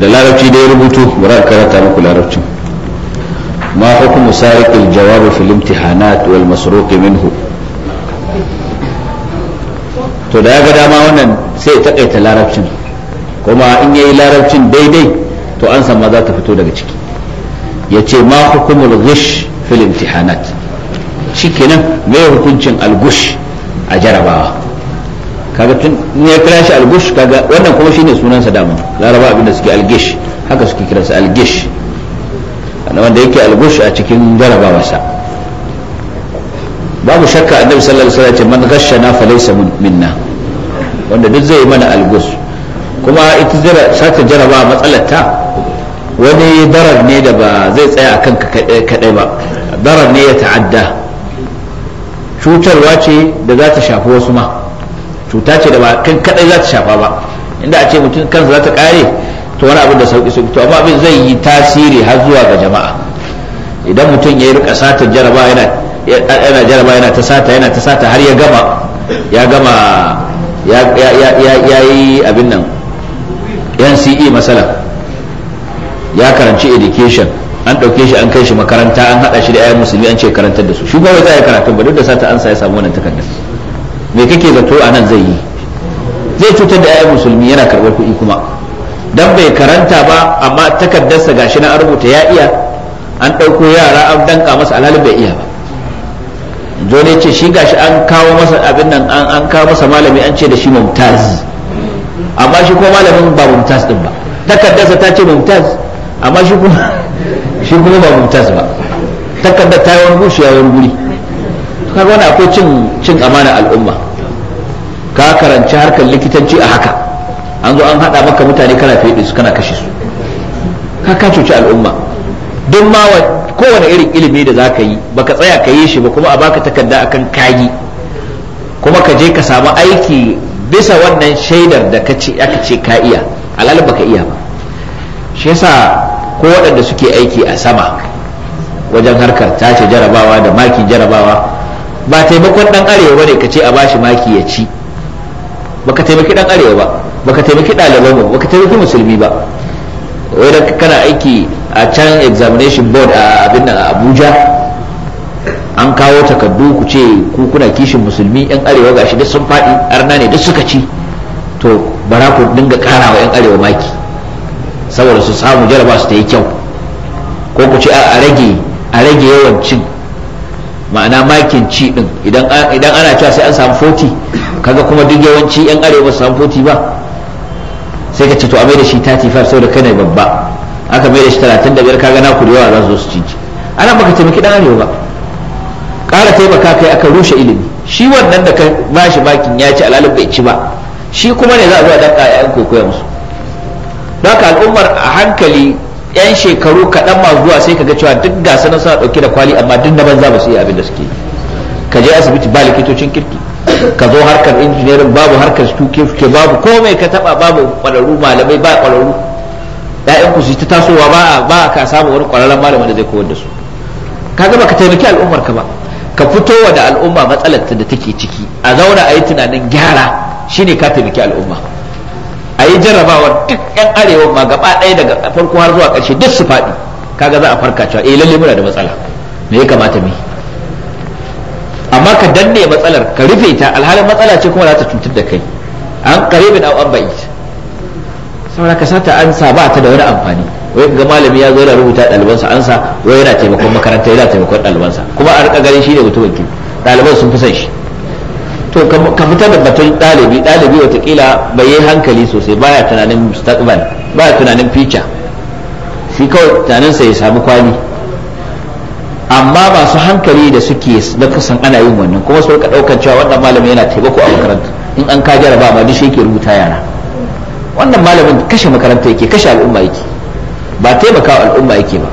S2: da larabci ya rubutu bari muku larabcin ما حكم سارق الجواب في الامتحانات والمسروق منه to da ya ga dama wannan sai ya takaita larabcin kuma in yayi larabcin daidai to an san ma za ta fito daga ciki ya ce ma hukumul ghish fil imtihanat kenan me hukuncin algush a jarabawa kaga tun ya kira shi algush kaga wannan kuma shine sunansa dama laraba abinda suke algish haka suke kiransa algish wanda yake algush a cikin sa. babu shakka annabi sallallahu alaihi wasallam man ghashana falaysa minna wanda duk zai mana algus kuma ita jira sata jaraba matsalar ta wani darar ne da ba zai tsaya a kanka kadai ba darar ne ya ta'adda cutarwa ce da za ta shafi wasu ma cuta ce da ba kan kadai za ta shafa ba inda a ce mutum kansa za ta kare to wani abin da sauki sauki to amma abin zai yi tasiri har zuwa ga jama'a idan mutum ya yi rika satar jaraba yana yana jaraba yana ta sata yana ta sata har ya gama ya gama ya yi abin nan nce masala ya karanci education an ɗauke shi an kai shi makaranta an haɗa shi da 'ya'yan musulmi an ce karantar da su shi ba za a yi karatun ba duk da sata an sa ya samu wannan takardar me kake zato a nan zai yi zai cutar da 'ya'yan musulmi yana karɓar kuɗi kuma dan bai karanta ba amma takardarsa gashi na an rubuta ya iya an ɗauko yara an danka masa alhalin bai iya ba dole ce shi gashi an kawo masa abin nan an kawo masa malami an ce da shi mumtaz amma shi ko malamin ba mumtaz din ba takardarsa ta ce mumtaz amma shi kuma shi kuma ba mumtaz ba takardar ta yi wani gushi ya wani guri kaga wani akwai cin cin amana al'umma ka karanci harkar likitanci a haka an zo an hada maka mutane kana fede su kana kashe su ka ka cuci al'umma Don ma kowane irin ilimi da za ka yi baka tsaya ka yi shi ba kuma a baka takarda akan kayi kuma ka je ka samu aiki bisa wannan shaidar da ka ce aka ce ka iya alal baka iya ba shi yasa ko waɗanda suke aiki a sama wajen harkar tace jarabawa da makin jarabawa ba taimakon ɗan arewa ne ka ce a bashi maki ya ci baka taimaki ɗan arewa ba baka taimaki ɗalibai ba baka taimaki musulmi ba wai kana aiki a can examination board a abin a abuja an kawo takardu ku ce ku kuna kishin musulmi yan arewa gashi duk sun faɗi arna ne duk suka ci to bara ku dinga karawa yan arewa maki saboda su samu jaraba su ta yi kyau ko ku ce a rage a rage yawan cin ma'ana makin ci din idan ana cewa sai an samu 40 kaga kuma duk yawanci yan arewa ba su samu 40 ba sai ka ce to a mai da shi 35 saboda kai ne babba aka mai da shi talatin da biyar kaga naku da yawa za su zo su ana baka taimaki dan arewa ba ƙara taimaka kai aka rushe ilimi shi wannan da ka ba shi bakin ya ci alalin bai ci ba shi kuma ne za a zo a yan yayan kokoya musu baka haka al'ummar a hankali yan shekaru kaɗan ma zuwa sai ka ga cewa duk ga sana suna ɗauke da kwali amma duk na banza ba su yi abin da suke ka je asibiti ba likitocin kirki ka zo harkar injiniyarin babu harkar stuke babu komai ka taba babu kwararru malamai ba kwararru ya'yan ku su ta tasowa ba ba ka samu wani kwararren malami da zai koyar da su kaga baka taimaki al'ummar ka ba ka fito wa da al'umma matsalar da take ciki a zauna a yi tunanin gyara shine ka taimaki al'umma a yi jarrabawar duk yan arewa ma gaba ɗaya daga farko har zuwa ƙarshe duk su faɗi kaga za a farka cewa eh lalle muna da matsala me ya kamata mu amma ka danne matsalar ka rufe ta alhalin matsala ce kuma za ta cutar da kai an qaribin aw an saboda ka sata ansa ba ta da wani amfani wai ga malami ya zo yana rubuta ɗalibansa ansa wai yana taimakon makaranta yana taimakon ɗalibansa kuma a rika ganin shi ne mutumin ki ɗaliban sun fi son shi to ka fita da batun ɗalibi ɗalibi watakila bai yi hankali sosai baya tunanin mustaqbal baya tunanin future shi kawai tunaninsa ya samu kwani amma masu hankali da suke da kusan ana yin wannan kuma su rika ɗaukar cewa wannan malami yana taimako a makaranta in an ka ba ma duk shi yake rubuta yara wannan malamin kashe makaranta yake kashe al'umma yake ba taimaka al'umma yake ba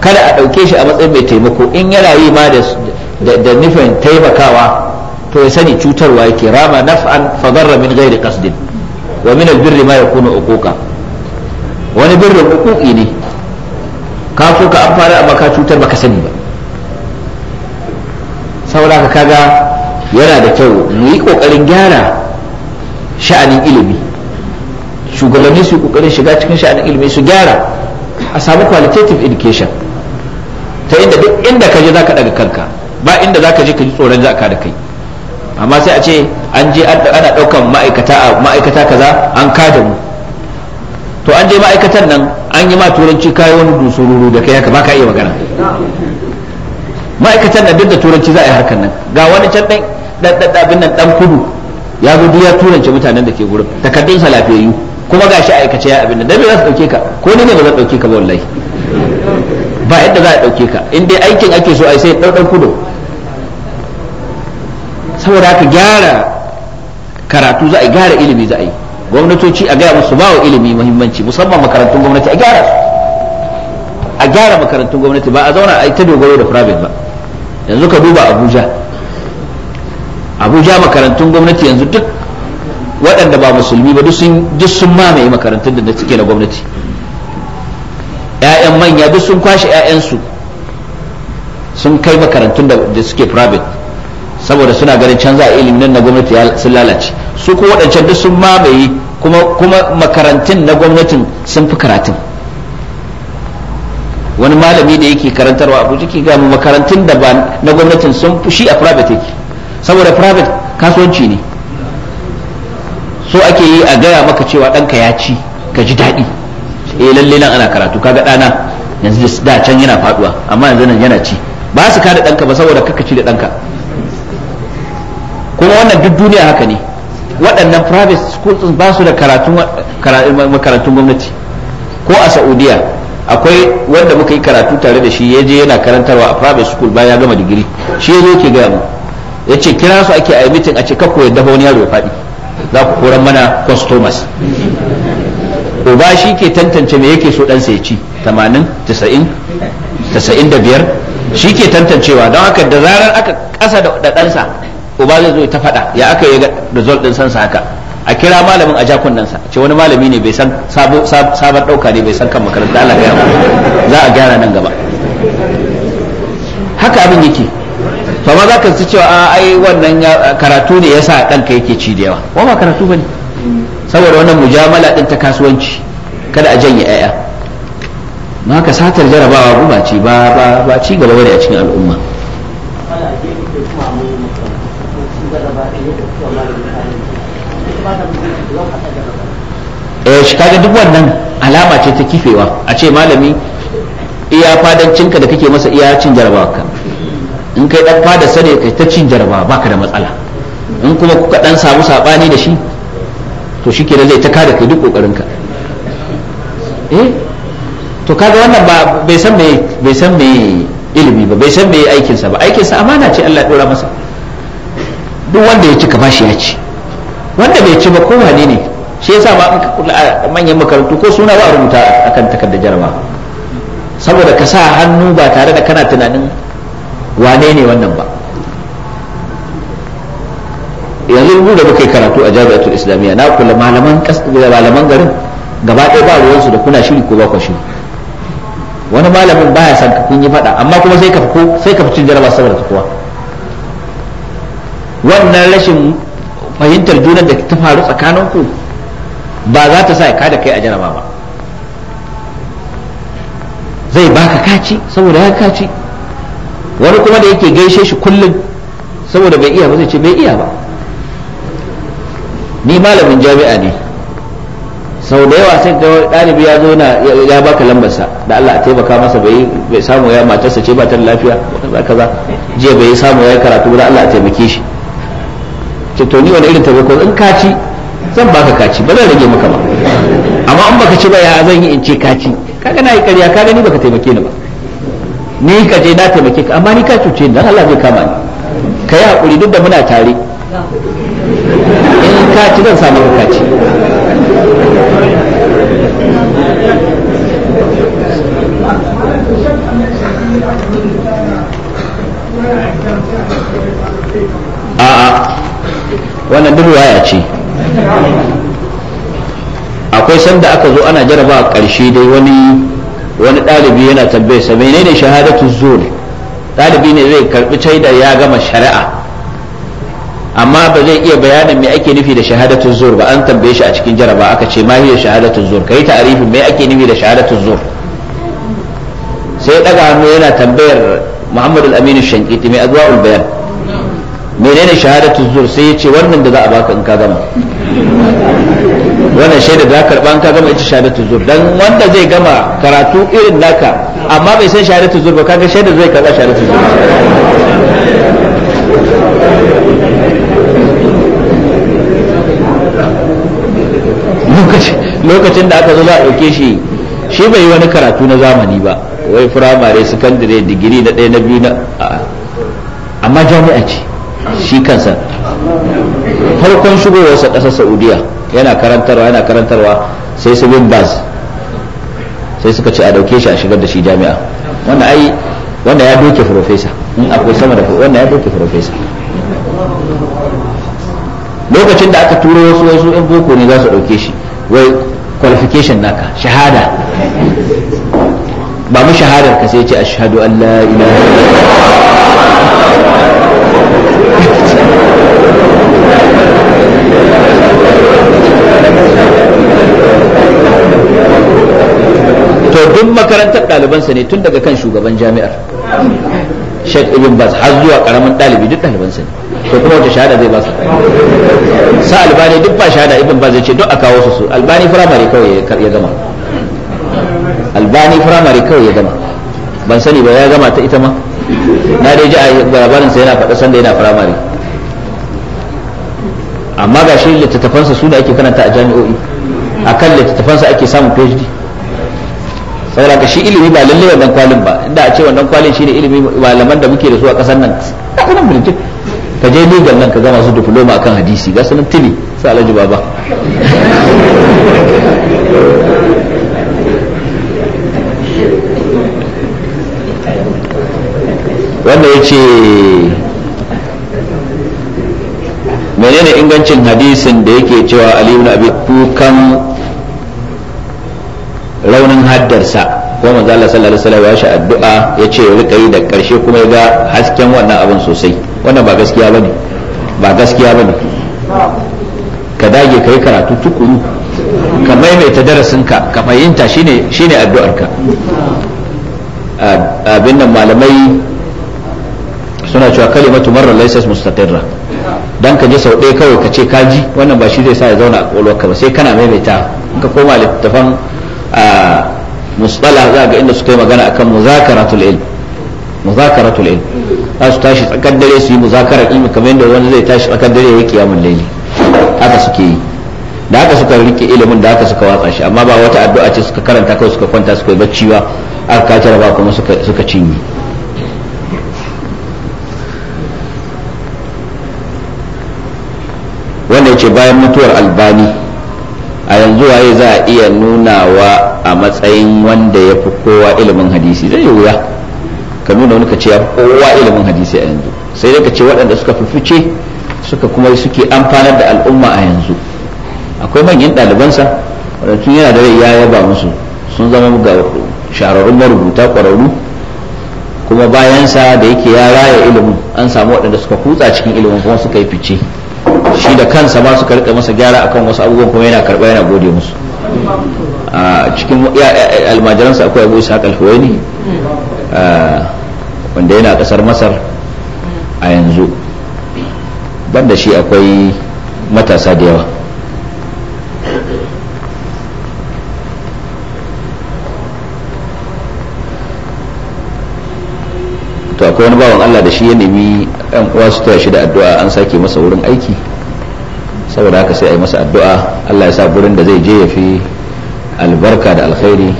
S2: kada a ɗauke shi a matsayin mai taimako in yana yi ma da nufin taimakawa to ya sani cutarwa yake rama naf'an fadarra min ghairi qasdin wa min albirri ma yakunu uquqa wani birrin uquqi ne ka so ka amfana amma ka cutar baka sani ba saboda ka kaga yana da kyau mu yi kokarin gyara sha'anin ilimi shugabanni su kokarin shiga cikin sha'anin ilimi su gyara a samu qualitative education ta inda duk inda ka je zaka daga kanka ba inda zaka je ka ji tsoron za ka da kai amma sai a ce an je ana daukan ma'aikata a ma'aikata kaza an kada mu to an je ma'aikatan nan an yi ma turanci kayo wani dusururu da kai haka ba ka iya magana ma'aikatan nan duk da turanci za a yi harkar nan ga wani can dan dan nan dan kudu ya zo duk ya turance mutanen da ke gurin takaddun sa lafiyayyu kuma gashi aikace ya abin da dan me za su dauke ka ko ni ne ba zan dauke ka ba wallahi ba yadda za a dauke ka in dai aikin ake so ai sai ɗauɗan kudo saboda haka gyara karatu za a gyara ilimi za a yi gwamnatoci a gaya musu ba wa ilimi muhimmanci musamman makarantun gwamnati a gyara a gyara makarantun gwamnati ba a zauna a yi ta dogaro da private ba yanzu ka duba abuja abuja makarantun gwamnati yanzu duk waɗanda ba musulmi ba duk sun mamaye makarantun da suke na gwamnati 'ya'yan manya duk sun kwashe 'ya'yansu sun kai makarantun da suke private saboda suna ganin canza ilimin nan na gwamnati sun lalace su kuma waɗancan duk sun mamaye kuma makarantun na gwamnatin sun fi karatun wani malami da yake karantarwa abu ciki ga makarantun da ba na gwamnatin sun fi shi a private yake saboda private kasuwanci ne so ake yi a gaya maka cewa ɗanka ya ci ka ji daɗi eh lalle nan ana karatu kaga ɗana yanzu da can yana faduwa amma yanzu nan yana ci ba su kada ɗanka ba saboda kaka ci da ɗanka kuma wannan duk duniya haka ne waɗannan private schools ba su da makarantun gwamnati ko a saudiya akwai wanda muka yi karatu tare da shi ya je yana karantarwa a private school bayan ya gama digiri shi ya zo ke gaya mu ya ce kira su ake a meeting a ce kakko yadda wani yaro ya faɗi za ku koran mana customers uba shi ke tantance me yake so ɗansa ya ci 80 90 95 shi ke tantancewa don haka da zarar aka ƙasa da ɗansa uba zai zo ta faɗa ya aka yi result ɗin sansa haka a kira malamin a sa ce wani malami ne bai san sabon ɗauka ne bai san kan makaranta Allah ya za a gyara nan gaba haka abin yake to ma za ka ci cewa a ah, ai wannan karatu ne yasa ɗanka yake ci da yawa wa ba karatu bane saboda wannan mujamala ɗin ta kasuwanci kada a janye 'ya'ya ma ka satar jarabawa ba ba ba ba ci gaba bane a cikin al'umma eh shi kaga duk wannan alama ce ta kifewa a ce malami iya fadancinka da kake masa iya cin jarabawa ka in kai dan fada sane kai ta cin jaraba baka da matsala in kuma kuka dan samu sabani da shi to da zai ta kada kai duk kokarin ka eh to kaga wannan ba bai san me bai san me ilimi ba bai san me aikin sa ba aikin sa amana ce Allah ya dora masa duk wanda ya ci ka bashi ya ci wanda bai ci ba ko wane ne shi yasa ba manyan makarantu ko suna ba rubuta akan takardar jarma saboda ka sa hannu ba tare da kana tunanin wane ne wannan ba yanzu mu da muka yi karatu a jami'atul islamiyya na kula malaman malaman garin gaba ɗaya ba ruwansu da kuna shiri ko ba ku shiri wani malamin baya san ka kun yi faɗa amma kuma sai ka ko sai ka fi cin jaraba saboda ta kowa wannan rashin fahimtar junar da ta faru tsakanin ku ba za ta sa ka da kai a jaraba ba zai baka kaci saboda ya kaci wani kuma da yake gaishe shi kullum saboda bai iya ba zai ce bai iya ba ni malamin jami'a ne sau da yawa sai ga ɗalibi ya zo na ya baka lambarsa da Allah a taimaka masa bai bai samu ya matarsa ce ba ta lafiya kaza kaza jiya bai samu ya karatu da Allah a taimake shi ce to ni wani irin taimako in kaci zan baka kaci ba zan rage maka ba amma in baka ci ba ya zan yi in ce kaci kaga na yi ƙarya kaga ni baka taimake ni ba ni ka je na taimake ka amma ni ka cuce dan Allah zai kama ni ka yi hakuri duk da muna tare in
S1: ka
S3: ci zan samu ka ci a'a
S2: wannan duk waya ce akwai sanda aka zo ana jarabawa ƙarshe dai wani wani ɗalibi yana tambaye sa menene shahadatu zur ɗalibi ne zai karbi shaida ya gama shari'a amma ba zai iya bayanin me ake nufi da shahadatu zur ba an tambaye shi a cikin jaraba aka ce ma hiya shahadatu zur kai ta'arifin me ake nufi da shahadatu zur sai daga hannu yana tambayar Muhammad al-Amin shankiti mai azwaul bayan menene shahadatu zur sai ya ce wannan da za a baka in ka gama wannan shaida da karba an ka gama ita shahadatu zur dan wanda zai gama karatu irin naka amma bai san shahadatu zur ba kaga shaida zai karba shahadatu zur lokacin da aka zo za a ɗauke shi shi bai wani karatu na zamani ba wai firamare secondary digiri na ɗaya na biyu na amma jami'a ce shi kansa farkon shigowarsa ƙasar saudiya yana karantarwa yana karantarwa sai su bin bas sai suka ce a dauke shi a shigar da shi jami'a wanda ai wanda ya doke profesa in akwai sama da wanda ya doke profesa lokacin da aka turo wasu wasu yan boko ne za su dauke shi wai qualification naka shahada ba mu shahadar ka sai ce ashhadu an la ilaha illallah wa duk makarantar ɗalibansa ne tun daga kan shugaban jami'ar shek Ibn Baz har zuwa karamin ɗalibi duk ɗalibansa ne to kuma wata shahada zai ba su sa albani duk ba shahada Ibn Baz ya ce duk a kawo su su albani firamare kawai ya gama albani firamare kawai ya gama ban sani ba ya gama ta ita ma na dai ji a sa yana faɗa sanda yana firamare amma ga shi littattafansa su da ake karanta a jami'o'i a kan littattafansa ake samun phd saboda ka shi ilimi ba lalle wannan kwalin ba inda a ce wannan kwalin shine ilimi malaman da muke da su a kasar nan ina bincike ka je legal nan ka gama su diploma akan hadisi ga sunan tili sai alhaji baba wanda ya ce menene ingancin hadisin da yake cewa ali ibn abi kukan haddarsa ko manzo Allah sallallahu alaihi wasallam ya shi addu'a ya ce rika yi da karshe kuma ya ga hasken wannan abin sosai wannan ba gaskiya bane ba gaskiya bane ka dage kai karatu tukuru ka maimaita darasinka ka fahimta shine shine addu'arka abin nan malamai suna cewa kalimatu marra laysat mustaqirra dan ka je sau ɗaya kawai ka ce ka ji wannan ba shi zai sa ya zauna a ƙwaƙwalwarka ba sai kana maimaita ka koma littafan mustala za ga inda suka yi magana akan muzakaratul ilm muzakaratul ilm za su tashi tsakar dare su yi muzakarar ilmi kamar yadda wani zai tashi tsakar dare ya yi kiyamun laili haka suke yi da haka suka rike ilimin da haka suka watsa shi amma ba wata addu'a ce suka karanta kawai suka kwanta suka yi bacci ba aka kacara ba kuma suka cinye wanda ya ce bayan mutuwar albani a yanzu waye za a iya nunawa a matsayin wanda ya fi kowa ilimin hadisi zai wuya ka nuna wani ka ce ya fi kowa ilimin hadisi a yanzu sai dai ka ce waɗanda suka fi fice suka kuma suke amfanar da al'umma a yanzu akwai manyan ɗalibansa wadda yana da rai ya yaba musu sun zama ga shahararrun marubuta ƙwararru kuma bayansa da yake ya raya ilimin an samu waɗanda suka kutsa cikin ilimin kuma suka yi fice shi da kansa ba su karɓe masa gyara akan wasu abubuwan kuma yana karɓa yana gode musu a cikin almajiransa akwai abu isa alhuwaini wanda yana ƙasar masar a yanzu banda shi akwai matasa da yawa to akwai wani bawan Allah da shi ya nemi yan uwa su shi da addu'a an sake masa wurin aiki saboda haka sai a yi masa addu'a Allah ya sa gurin da zai je ya fi albarka da alkhairi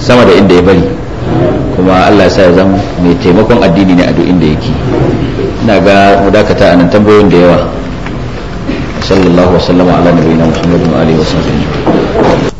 S2: sama da inda ya bari kuma Allah ya sa ya zama mai taimakon addini ne a duk inda yake ina ga mudakata a nan tambayoyin da yawa sallallahu wasallama ala nabiyina muhammadin wa alihi wa